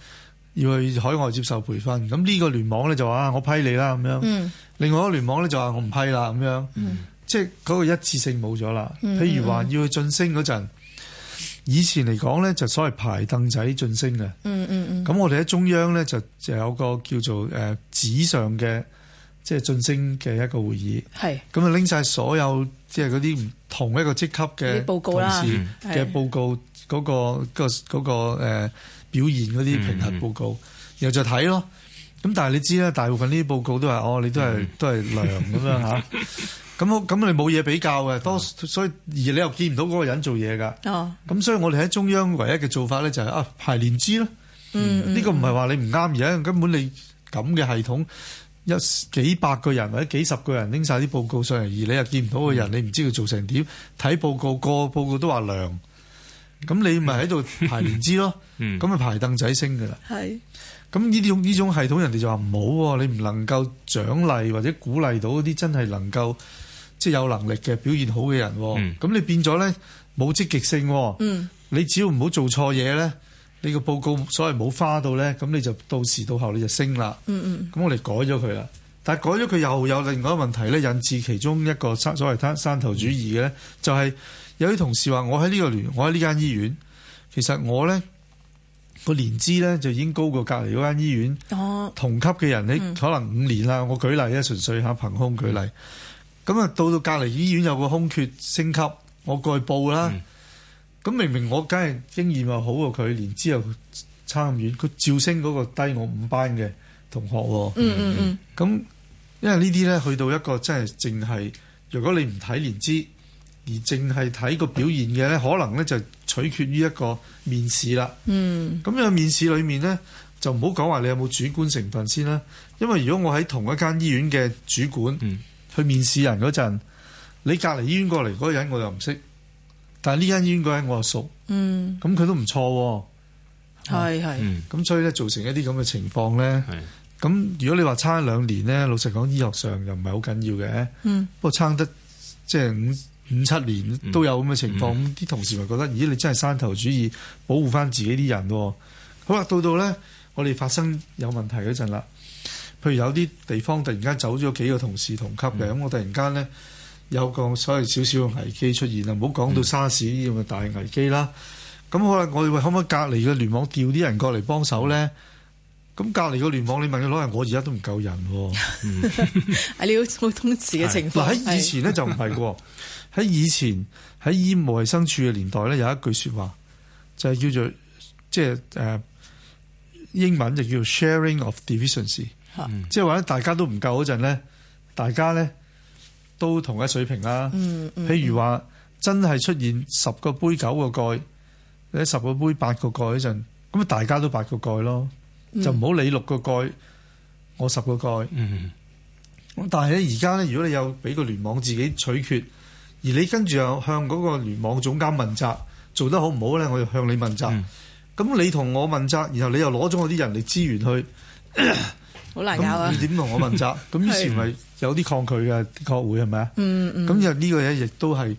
Speaker 4: 要去海外接受培訓，咁呢個聯網咧就話我批你啦咁樣。嗯。另外一個聯網咧就話我唔批啦咁樣。嗯、即係嗰個一次性冇咗啦。譬如話要去晉升嗰陣，以前嚟講咧就所謂排凳仔晉升嘅、嗯。嗯嗯嗯。咁我哋喺中央咧就就有個叫做誒紙上嘅。即係晉升嘅一個會議，係咁啊！拎晒所有即係嗰啲唔同一個職級嘅同事嘅報告，嗰、嗯嗰個、嗰個、嗰個誒、嗰個、表現嗰啲評核報告，嗯嗯然後就睇咯。咁但係你知啦，大部分呢啲報告都係哦，你都係、嗯嗯、都係良咁樣吓。咁、啊、咁你冇嘢比較嘅，嗯、多所以而你又見唔到嗰個人做嘢噶。咁、哦、所以我哋喺中央唯一嘅做法咧就係、是、啊，排練知咯。呢、嗯嗯、個唔係話你唔啱，而係根本你咁嘅系統。有幾百個人或者幾十個人拎晒啲報告上嚟，而你又見唔到個人，嗯、你唔知佢做成點。睇報告，個報告都話良，咁你咪喺度排年資咯。咁咪 [LAUGHS] 排凳仔升噶啦。
Speaker 5: 係是。
Speaker 4: 咁呢種呢種系統，人哋就話唔好喎。你唔能夠獎勵或者鼓勵到啲真係能夠即係、就是、有能力嘅表現好嘅人。咁、嗯、你變咗咧冇積極性。嗯、你只要唔好做錯嘢咧。呢個報告所謂冇花到咧，咁你就到時到後你就升啦。咁我哋改咗佢啦，但係改咗佢又有另外一個問題咧，引致其中一個所謂攤山頭主義嘅咧，就係有啲同事話：我喺呢個聯，我喺呢間醫院，其實我咧個年資咧就已經高過隔離嗰間醫院。哦，同級嘅人你可能五年啦，我舉例咧，純粹下憑空舉例。咁啊，到到隔離醫院有個空缺升級，我過去報啦。咁明明我梗係經驗又好喎，佢年資又差咁遠，佢照升嗰個低我五班嘅同學喎。嗯嗯嗯。咁因為呢啲咧，去到一個真係淨係，如果你唔睇年資，而淨係睇個表現嘅咧，嗯、可能咧就取決於一個面試啦。
Speaker 5: 嗯。
Speaker 4: 咁樣面試裏面咧，就唔好講話你有冇主觀成分先啦。因為如果我喺同一間醫院嘅主管去面試人嗰陣，你隔離醫院過嚟嗰個人我就，我又唔識。但係呢間醫院我又我熟，咁佢、嗯、都唔錯，係係，咁所以咧造成一啲咁嘅情況咧，咁是如果你話差一兩年咧，老實講醫學上又唔係好緊要嘅，嗯、不過差得即係五五七年都有咁嘅情況，啲、嗯嗯、同事咪覺得咦你真係山頭主義，保護翻自己啲人、哦，好啦到到咧我哋發生有問題嗰陣啦，譬如有啲地方突然間走咗幾個同事同級嘅，咁、嗯、我突然間咧。有個所謂少少危機出現啦，唔好講到沙士呢啲咁嘅大危機啦。咁好啦，我哋會可唔可以隔籬嘅聯網調啲人過嚟幫手咧？咁隔籬嘅聯網，你問佢攞人，我而家都唔夠人喎、
Speaker 2: 哦。係呢種好通時嘅情況。嗱喺以前咧就唔
Speaker 4: 係喎。喺是 [LAUGHS] 以前喺醫務衞生署嘅年代咧有一句説話就係、是、叫做即係誒英文就叫做 sharing of divisions，、
Speaker 5: 嗯、
Speaker 4: 即係話咧大家都唔夠嗰陣咧，大家咧。都同一水平啦。
Speaker 7: 譬如話
Speaker 4: 真係出現十個杯九個蓋，或十個杯八個蓋嗰陣，咁大家都八個蓋咯，就唔好理六個蓋，我十個蓋。咁、嗯、但係咧而家咧，如果你有俾個聯網自己取決，而你跟住又向嗰個聯網總監問責，做得好唔好呢？我就向你問責。咁、嗯、你同我問責，然後你又攞咗我啲人力資源去。 [COUGHS]
Speaker 2: 好難搞啊！點同我問
Speaker 4: 責？咁以前咪有啲抗拒嘅，確 [LAUGHS] 會係咪啊？咁又呢個嘢亦都係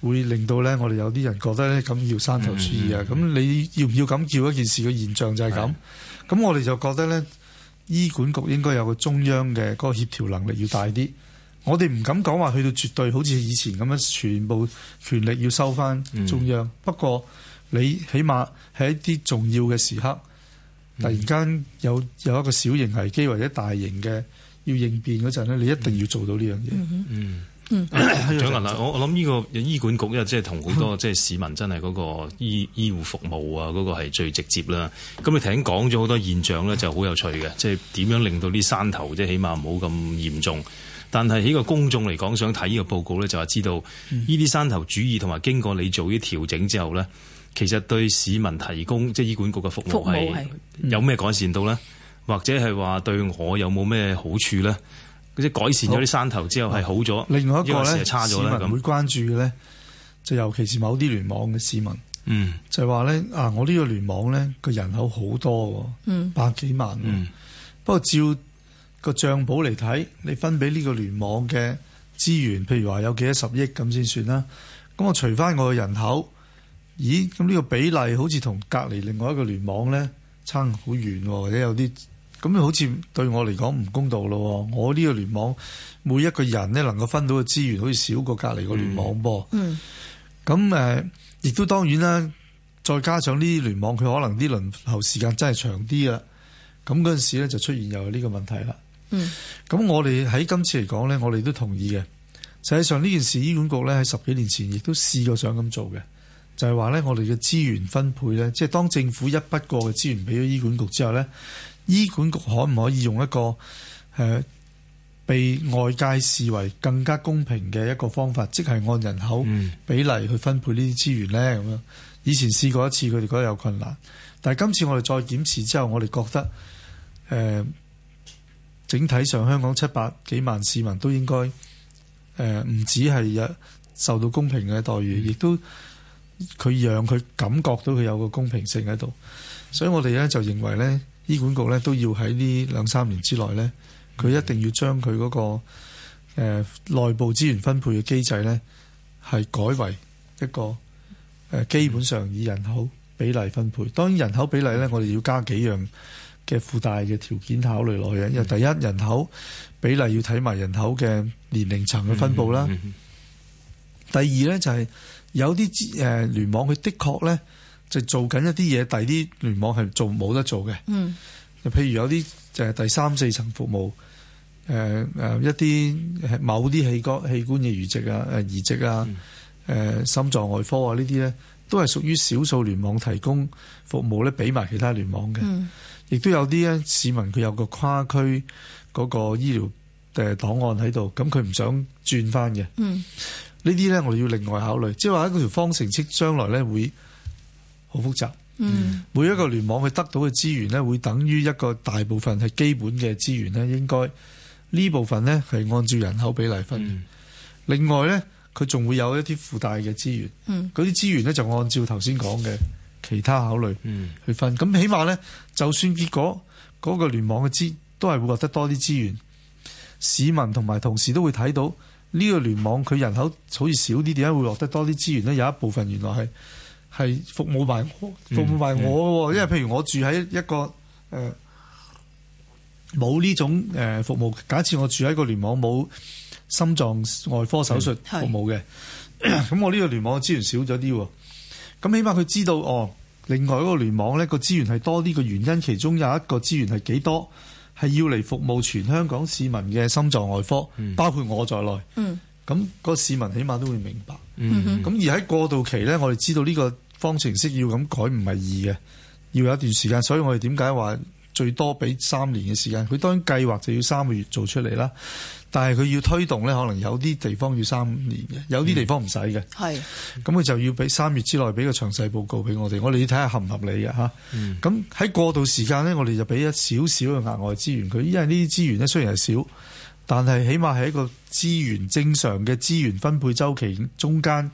Speaker 4: 會令到咧，我哋有啲人覺得咧，咁要山頭主義啊！咁、嗯、你要唔要咁叫一件事嘅現象就係咁。咁是我哋就覺得咧，醫管局應該有個中央嘅個協調能力要大啲。我哋唔敢講話去到絕對好似以前咁樣，全部權力要收翻中央。嗯、不過你起碼喺一啲重要嘅時刻。突然間有有一個小型危機或者大型嘅要應變嗰陣咧，你一定要做到呢樣嘢。
Speaker 5: 嗯嗯，
Speaker 3: 嗱我我諗呢個醫管局咧，即係同好多即係市民真係嗰個醫醫護服務啊，嗰個係最直接啦。咁你頭先講咗好多現象咧，就好有趣嘅，即係點樣令到啲山頭即係起碼唔好咁嚴重。但係喺個公眾嚟講，想睇呢個報告咧，就係知道呢啲山頭主義同埋經過你做啲調整之後咧。其實對市民提供即係醫管局嘅服務係有咩改善到咧？或者係話對我有冇咩好處咧？即改善咗啲山頭之後係好咗，另外一個咧差咗，市民會
Speaker 4: 關注嘅咧，嗯，就尤其是某啲聯網嘅市民。嗯，就係話咧啊，我呢個聯網咧，個人口好多，嗯，百幾萬。嗯，不過照個賬簿嚟睇，你分俾呢個聯網嘅資源，譬如話有幾多十億咁先算啦。咁我除翻我嘅人口。咦，咁呢個比例好似同隔籬另外一個聯網呢差好遠，哦，或者有啲咁，好似對我嚟講唔公道咯，哦。我呢個聯網每一個人呢能夠分到嘅資源好似少過隔籬個聯網噃，嗯。嗯，咁誒、呃，亦都當然啦。再加上呢啲聯網，佢可能啲輪候時間真係長啲啊。咁嗰陣時咧，就出現又有呢個問題啦。嗯，咁我哋喺今次嚟講呢，我哋都同意嘅。實際上呢件事，醫管局呢喺十幾年前亦都試過想咁做嘅。就係話呢，我哋嘅資源分配呢，即係當政府一筆過嘅資源俾咗醫管局之後呢，醫管局可唔可以用一個誒、呃、被外界視為更加公平嘅一個方法，即係按人口比例去分配呢啲資源呢？咁樣以前試過一次，佢哋覺得有困難，但係今次我哋再檢視之後，我哋覺得誒、呃、整體上香港七百幾萬市民都應該誒，唔、呃、止係受到公平嘅待遇，亦、嗯、都。佢讓佢感覺到佢有個公平性喺度，所以我哋呢就認為呢醫管局呢都要喺呢兩三年之內呢，佢一定要將佢嗰個誒內部資源分配嘅機制呢係改為一個誒基本上以人口比例分配。當然人口比例呢，我哋要加幾樣嘅附帶嘅條件考慮落去嘅。因為第一人口比例要睇埋人口嘅年齡層嘅分布啦。第二呢就係。有啲誒、呃、聯網佢的確咧就做緊一啲嘢，第啲聯網係做冇得做嘅。嗯，譬如有啲就係第三四層服務，誒誒一啲某啲器官器官嘅移植啊、誒移植啊、誒心臟外科啊呢啲咧，都係屬於少數聯網提供服務咧，畀埋其他聯網嘅。
Speaker 7: 嗯，
Speaker 4: 亦都有啲咧市民佢有個跨區嗰個醫療嘅檔案喺度，咁佢唔想轉翻嘅。嗯。呢啲呢，我哋要另外考慮，即係話一嗰條方程式，將來呢會好複雜。嗯，每一個聯網佢得到嘅資源呢，會等於一個大部分係基本嘅資源呢，應該呢部分呢係按照人口比例分。嗯、另外呢，佢仲會有一啲附帶嘅資源。嗰啲、嗯、資源呢就按照頭先講嘅其他考慮去分。咁、嗯、起碼呢，就算結果嗰、那個聯網嘅資都係會獲得多啲資源，市民同埋同事都會睇到。呢個聯網佢人口好似少啲，點解會落得多啲資源呢？有一部分原來係係服務埋、嗯、服務埋我嘅，嗯、因為譬如我住喺一個誒冇呢種誒服務，假設我住喺一個聯網冇心臟外科手術服務嘅，咁 [COUGHS] 我呢個聯網資源少咗啲喎。咁起碼佢知道哦，另外嗰個聯網呢、呢個資源係多啲嘅原因，其中有一個資源係幾多，係要嚟服務全香港市民嘅心臟外科，嗯、包括我在內。咁、嗯、個市民起碼都會明白。咁、嗯、哼而喺過渡期呢，我哋知道呢個方程式要咁改唔係易嘅，要有一段時間。所以我哋點解話最多俾三年嘅時間？佢當然計劃就要三個月做出嚟啦。但係佢要推動呢，可能有啲地方要三年嘅，有啲地方唔使嘅。係、嗯，咁佢就要俾三月之內俾個詳細報告俾我哋，我哋要睇下合唔合理嘅吓。咁喺、嗯、過渡時間呢，我哋就俾一少少嘅額外資源佢，因為呢啲資源呢，雖然係少，但係起碼係一個資源正常嘅資源分配週期中間。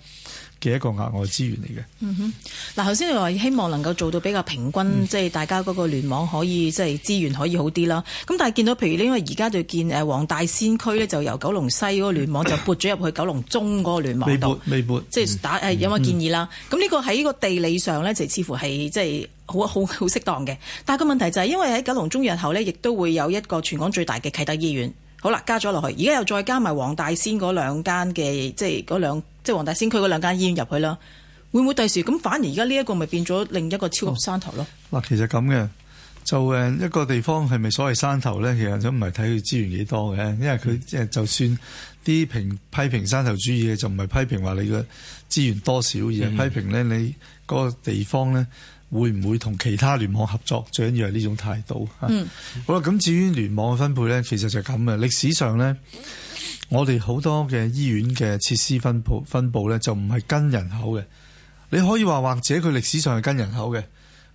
Speaker 4: 嘅一個額外資源嚟嘅。嗯
Speaker 2: 哼，嗱、啊，頭先你話希望能夠做到比較平均，即係、嗯、大家嗰個聯網可以即係、就是、資源可以好啲啦。咁但係見到譬如咧，因為而家就見誒黃大仙區呢，就由九龍西嗰個聯網就撥咗入去九龍中嗰個聯網未撥，未撥。即係打、嗯啊、有冇建議啦？咁呢、嗯、個喺個地理上呢，就似乎係即係好好好適當嘅。但係個問題就係因為喺九龍中日後呢，亦都會有一個全港最大嘅啟德醫院。好啦，加咗落去，而家又再加埋黃大仙嗰兩間嘅，即係嗰、就是、兩。即係黃大仙區嗰兩間醫院入去啦，會唔會第時咁反而而家呢一個咪變咗另一個超級山頭咯？
Speaker 4: 嗱、哦，其實咁嘅就誒一個地方係咪所謂山頭咧，其實都唔係睇佢資源幾多嘅，因為佢即係就算啲評批評山頭主義嘅，就唔係批評話你嘅資源多少，而係批評咧你嗰個地方咧會唔會同其他聯網合作，最緊要係呢種態度。嗯，嗯好啦，咁至於聯網嘅分配咧，其實就係咁嘅，歷史上咧。我哋好多嘅醫院嘅設施分布分布呢，就唔係跟人口嘅。你可以話或者佢歷史上係跟人口嘅，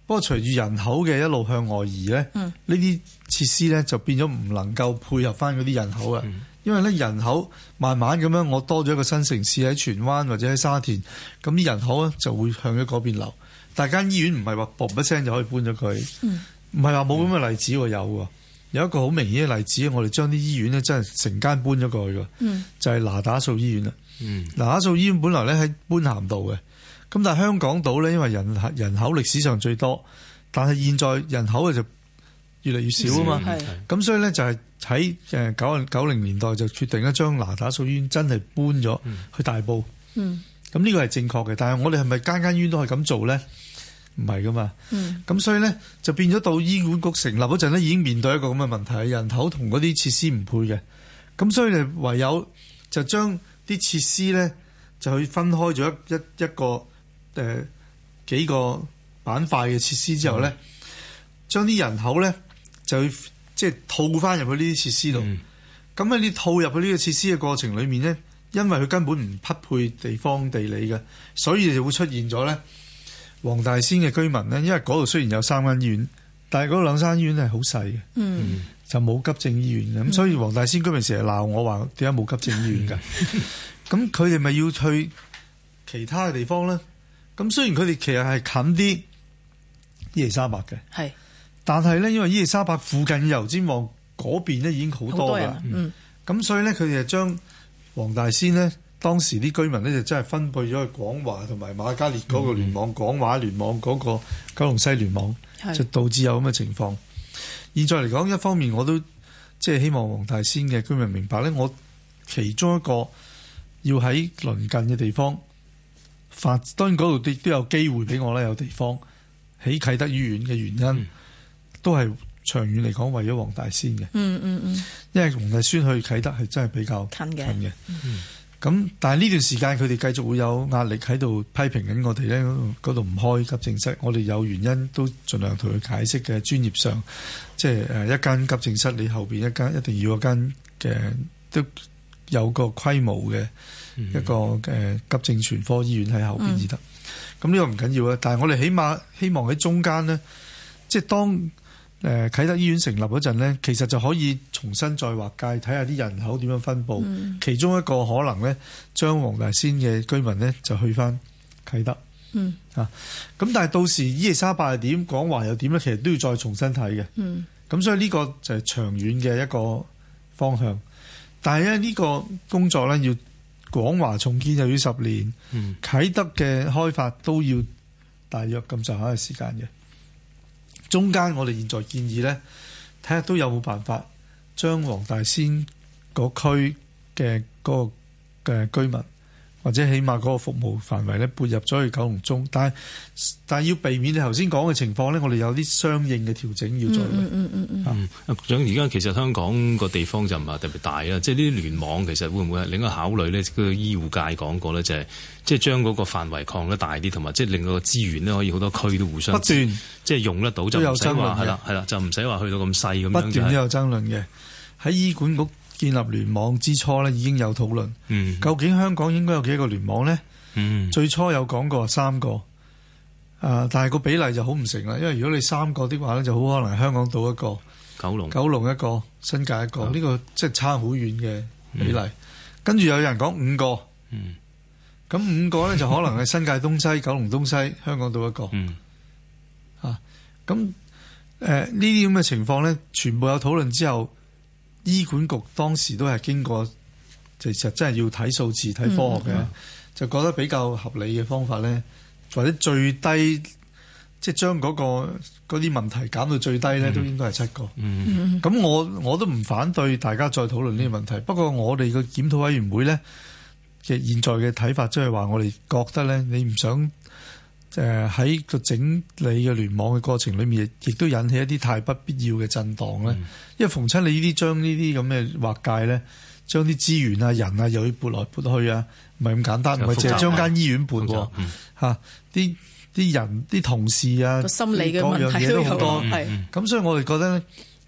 Speaker 4: 不過隨住人口嘅一路向外移呢，呢啲設施呢就變咗唔能夠配合翻嗰啲人口啊。因為呢，人口慢慢咁樣，我多咗一個新城市喺荃灣或者喺沙田，咁啲人口呢就會向咗嗰邊流。但係間醫院唔係話啵一聲就可以搬咗佢，唔係話冇咁嘅例子，嗯、有嘅。有一個好明顯嘅例子，我哋將啲醫院咧真係成間搬咗過去嘅，嗯、就係那打素醫院啦。那、嗯、打素醫院本來咧喺般咸道嘅，咁但係香港島咧因為人人口歷史上最多，但係現在人口啊就越嚟越少啊嘛，咁所以咧就係喺誒九九零年代就決定一將那打素醫院真係搬咗去大埔。咁呢、嗯、個係正確嘅，但係我哋係咪間間醫院都係咁做咧？唔係噶嘛，咁、嗯、所以咧就變咗到醫管局成立嗰陣咧，已經面對一個咁嘅問題，人口同嗰啲設施唔配嘅，咁所以你唯有就將啲設施咧就去分開咗一一一個誒、呃、幾個板塊嘅設施之後咧，嗯、將啲人口咧就去即係、就是、套翻入去呢啲設施度，咁喺、嗯、你套入去呢個設施嘅過程裡面咧，因為佢根本唔匹配地方地理嘅，所以就會出現咗咧。黃大仙嘅居民咧，因為嗰度雖然有三間醫院，但係嗰兩間醫院係好細嘅，嗯，就冇急症醫院嘅，咁、嗯、所以黃大仙居民成日鬧我話點解冇急症醫院嘅，咁佢哋咪要去其他嘅地方咧，咁雖然佢哋其實係近啲伊利沙伯嘅，係是，但係咧因為伊利沙伯附近油尖旺嗰邊咧已經好多啦，嗯，咁所以咧佢哋就將黃大仙咧。當時啲居民咧就真係分配咗去廣華同埋瑪嘉烈嗰個聯網、mm hmm. 廣華聯網嗰、嗰個九龍西聯網，就導致有咁嘅情況。是現在嚟講，一方面我都即係、即係、希望黃大仙嘅居民明白咧，我其中一個要喺鄰近嘅地方發，當然嗰度亦都有機會俾我啦，有地方喺啟德醫院嘅原因，mm hmm. 都係長遠嚟講為咗黃大仙嘅。嗯嗯嗯，hmm. 因為黃大仙去啟德係真係比較近嘅。Mm hmm. mm
Speaker 7: hmm.
Speaker 4: 咁，但係呢段時間佢哋繼續會有壓力喺度批評緊我哋咧，嗰度唔開急症室，我哋有原因都盡量同佢解釋嘅。專業上，即係誒一間急症室，你後邊一間一定要一間嘅都有個規模嘅一個誒急症全科醫院喺後邊先得。咁呢個唔緊要啊，但係我哋起碼希望喺中間呢，即係當。誒啟德醫院成立嗰陣咧，其實就可以重新再劃界，睇下啲人口點樣分布。嗯、其中一個可能咧，將黃大仙嘅居民咧就去返啟德。
Speaker 5: 嗯，
Speaker 4: 嚇咁、啊，但係到時伊利沙伯係點，廣華又點咧，其實都要再重新睇嘅。嗯，咁所以呢個就係長遠嘅一個方向。但係咧，呢、這個工作咧要廣華重建又要十年，嗯、啟德嘅開發都要大約咁上下嘅時間嘅。中間我哋現在建議咧，睇下都有冇辦法將黃大仙區嘅、嗰個嘅、嗰個、居民。或者起碼嗰個服務範圍咧，撥入咗去九龍中，但係但係要避免你頭先講嘅情況咧，我哋有啲相應嘅調整要做，嗯。嗯嗯
Speaker 5: 嗯嗯。
Speaker 3: 啊，局長，而家其實香港個地方就唔係特別大啦，即係呢啲聯網其實會唔會係另一考慮咧？個醫護界講過咧，就係即係將嗰個範圍擴得大啲，同埋即係令到個資源咧可以好多區都互相不斷即係用得到，就唔使話係啦係啦，就唔使話去到咁
Speaker 4: 細咁樣。不斷都有爭論嘅喺醫管局。建立聯網之初咧，已經有討論。嗯，究竟香港應該有幾多個聯網咧？嗯，最初有講過三個，啊，但係個比例就好唔成啦。因為如果你三個的話咧，就好可能香港島一個，九龍，九龍一個，新界一個，呢個即係差好遠嘅比例。跟住有人講五個，嗯，咁五個咧就可能係新界東西、九龍東西、香港島一個，嗯，啊，咁誒呢啲咁嘅情況咧，全部有討論之後。醫管局當時都係經過，其實真係要睇數字、睇科學嘅，嗯嗯、就覺得比較合理嘅方法呢。或者最低，即係將嗰個嗰啲問題減到最低呢，嗯、都應該係七個。咁、嗯、我我都唔反對大家再討論呢個問題，不過我哋個檢討委員會呢嘅現在嘅睇法，即係話我哋覺得呢，你唔想。誒喺個整理嘅聯網嘅過程裏面，亦都引起一啲太不必要嘅震盪咧。嗯、因為逢親你呢啲將呢啲咁嘅劃界咧，將啲資源啊、人啊，又要撥來撥去啊，唔係咁簡單，唔係凈係將間醫院撥嚇，啲啲、嗯啊、人啲同事啊，心理嘅問題都好多。咁、嗯嗯、所以我哋覺得。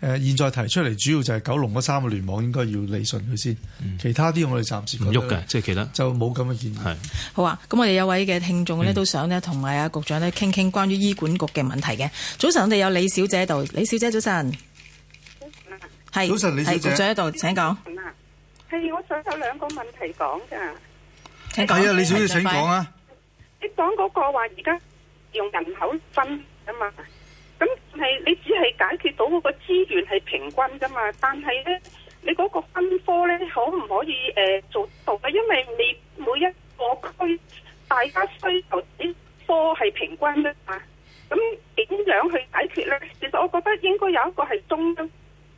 Speaker 4: 誒，現在提出嚟主要就係九龍嗰三個聯網應該要理順佢先，嗯、其他啲我哋暫時唔喐嘅，即係、就係、其他就冇咁嘅建議。
Speaker 2: 是好啊，咁我哋有位嘅聽眾咧，都想咧同埋阿局長咧傾傾關於醫管局嘅問題嘅。早晨，我哋有李小姐喺度，李小姐早晨，早晨上是，李小姐喺度請講。係，我想有兩個問題講㗎。請，請啊，李小姐請講啊，你講嗰個話而家用人口分㗎嘛？但係你只係解決到嗰個資源係平均噶嘛？但係呢，你嗰個分科呢，可唔可以誒、呃、做到嘅？因為你每一個區，大家需求啲科係平均㗎嘛。咁點樣去解決呢？其實我覺得應該有一個係中間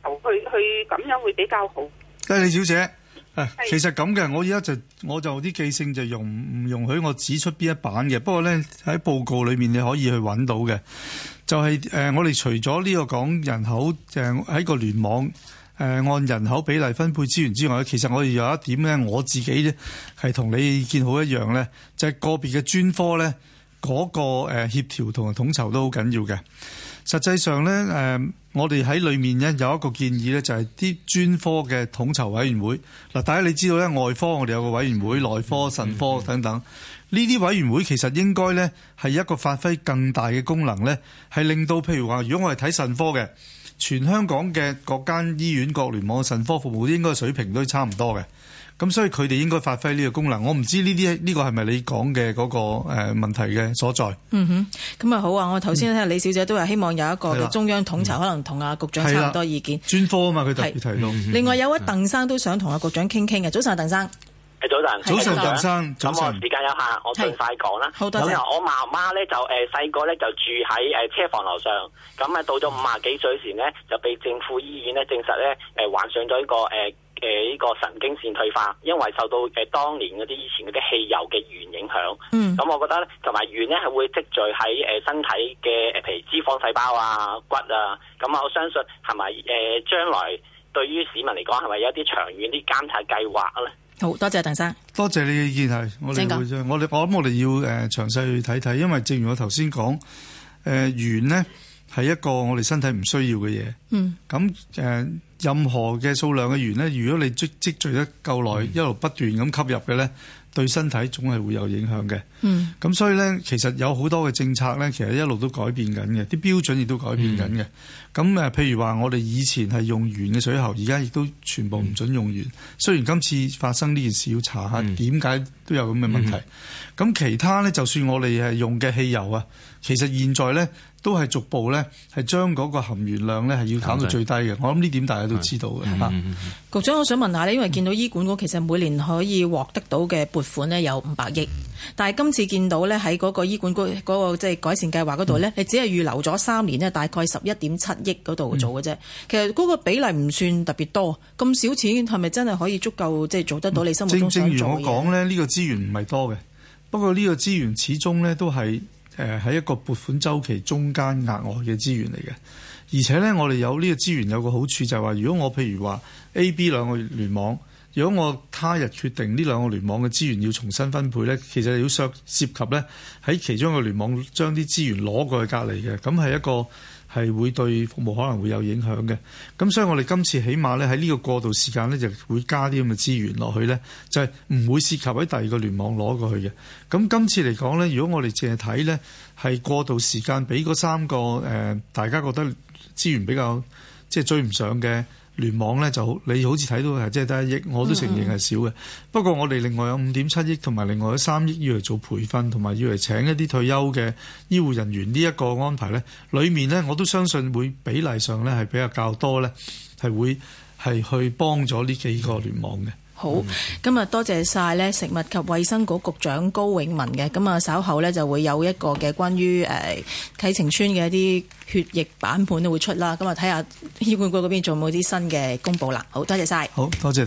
Speaker 2: 頭去去咁樣會比較
Speaker 4: 好。李小姐，是其實咁嘅，我而家就我就有啲記性就容唔容許我指出邊一版嘅？不過呢，喺報告裏面你可以去搵到嘅。就係誒，我哋除咗呢個講人口誒喺個聯網誒按人口比例分配資源之外，其實我哋有一點咧，我自己咧係同你意見好一樣咧，就係個別嘅專科咧嗰個誒協調同埋統籌都好緊要嘅。實際上咧，誒我哋喺裏面咧有一個建議咧，就係啲專科嘅統籌委員會嗱，大家你知道咧，外科我哋有個委員會，內科、神科等等。呢啲委員會其實應該呢，係一個發揮更大嘅功能呢係令到譬如話，如果我係睇腎科嘅，全香港嘅各間醫院、各聯網腎科服務應該水平都差唔多嘅。咁所以佢哋應該發揮呢個功能。我唔知呢啲呢個係咪你講嘅嗰個誒問題嘅所在。
Speaker 2: 嗯哼，咁啊好啊，我頭先聽李小姐都係希望有一個中央統籌，嗯、可能同阿局長差唔多
Speaker 4: 意見。嗯、專科啊嘛，佢特別提到。是 [LAUGHS] 另
Speaker 2: 外有位鄧生都想同阿局長傾傾嘅。早晨，鄧生。誒，早晨，早上，早晨。咁啊早晨！早晨時間有限，早晨我盡快講啦。好多謝咁啊！我媽媽咧就誒細個咧就住喺誒車房樓上咁啊，到咗五啊幾歲時咧就被政府醫院咧證實咧誒、呃、患上咗一個誒誒呢個神經線退化，因為受到誒、呃、當年嗰啲以前嗰啲汽油嘅鉛影響。嗯，咁我覺得同埋鉛咧係會積
Speaker 1: 聚喺誒身體嘅，誒，譬如脂肪細胞啊、骨啊。咁啊，我相信係咪誒將來對於市民嚟講係咪有一啲長遠啲監察計劃咧？
Speaker 4: 好多謝鄧生，多謝，多謝你嘅意見係，我哋我諗我哋要誒詳細去睇睇，因為正如我頭先講，誒，鉛咧係一個我哋身體唔需要嘅嘢，咁誒、嗯、任何嘅數量嘅鉛咧，如果你積積聚得夠耐，嗯、一路不斷咁吸入嘅咧。對身體總係會有影響嘅，咁、嗯、所以呢，其實有好多嘅政策呢，其實一路都改變緊嘅，啲標準亦都改變緊嘅。咁誒、嗯，譬如話我哋以前係用完嘅水喉，而家亦都全部唔準用完。雖然今次發生呢件事，要查下點解、嗯、都有咁嘅問題。咁、嗯、其他呢，就算我哋係用嘅汽油啊。其實現在呢，都係逐步呢，係將嗰個含鉛量呢，係要減到最低嘅。我諗呢點大家都知道嘅吓。嗯嗯嗯，
Speaker 2: 局長，我想問下咧，因為見到醫管局其實每年可以獲得到嘅撥款呢，有五百億，但係今次見到呢，喺嗰個醫管局嗰、那個即係改善計劃嗰度呢，嗯、你只係預留咗三年呢，大概十一點七億嗰度做嘅啫。嗯、其實嗰個比例唔算特別多，咁少錢係咪真係可以足夠即係做得到你心目中想做嘅嘢？正正如我
Speaker 4: 講呢、呢、這個資源唔係多嘅，不過呢個資源始終呢，都係。誒喺一個撥款週期中間額外嘅資源嚟嘅，而且呢，我哋有呢個資源有個好處就係話，如果我譬如話 A、B 兩個聯網，如果我他日決定呢兩個聯網嘅資源要重新分配呢，其實要涉涉及呢，喺其中一個聯網將啲資源攞過去隔離嘅，咁係一個。係會對服務可能會有影響嘅，咁所以我哋今次起碼咧喺呢個過渡時間咧就會加啲咁嘅資源落去咧，就係、是、唔會涉及喺第二個聯網攞過去嘅。咁今次嚟講咧，如果我哋淨係睇咧，係過渡時間俾嗰三個誒、呃，大家覺得資源比較即係追唔上嘅。聯網呢就好，你好似睇到係即係得一億，我都承認係少嘅。Mm hmm. 不過我哋另外有五點七億同埋另外有三億要嚟做培訓，同埋要嚟請一啲退休嘅醫護人員，呢一個安排呢，裡面呢，我都相信會比例上呢係比較較多呢，係會係去幫咗呢幾個聯網嘅。
Speaker 2: 好，咁啊多謝曬咧，食物及衛生局局長高永文嘅。咁啊稍後咧就會有一個嘅關於誒啟晴邨嘅一啲血液版本都會出啦。咁啊睇下醫管局邊仲有冇啲新嘅公布啦。好多謝曬，
Speaker 4: 好多謝。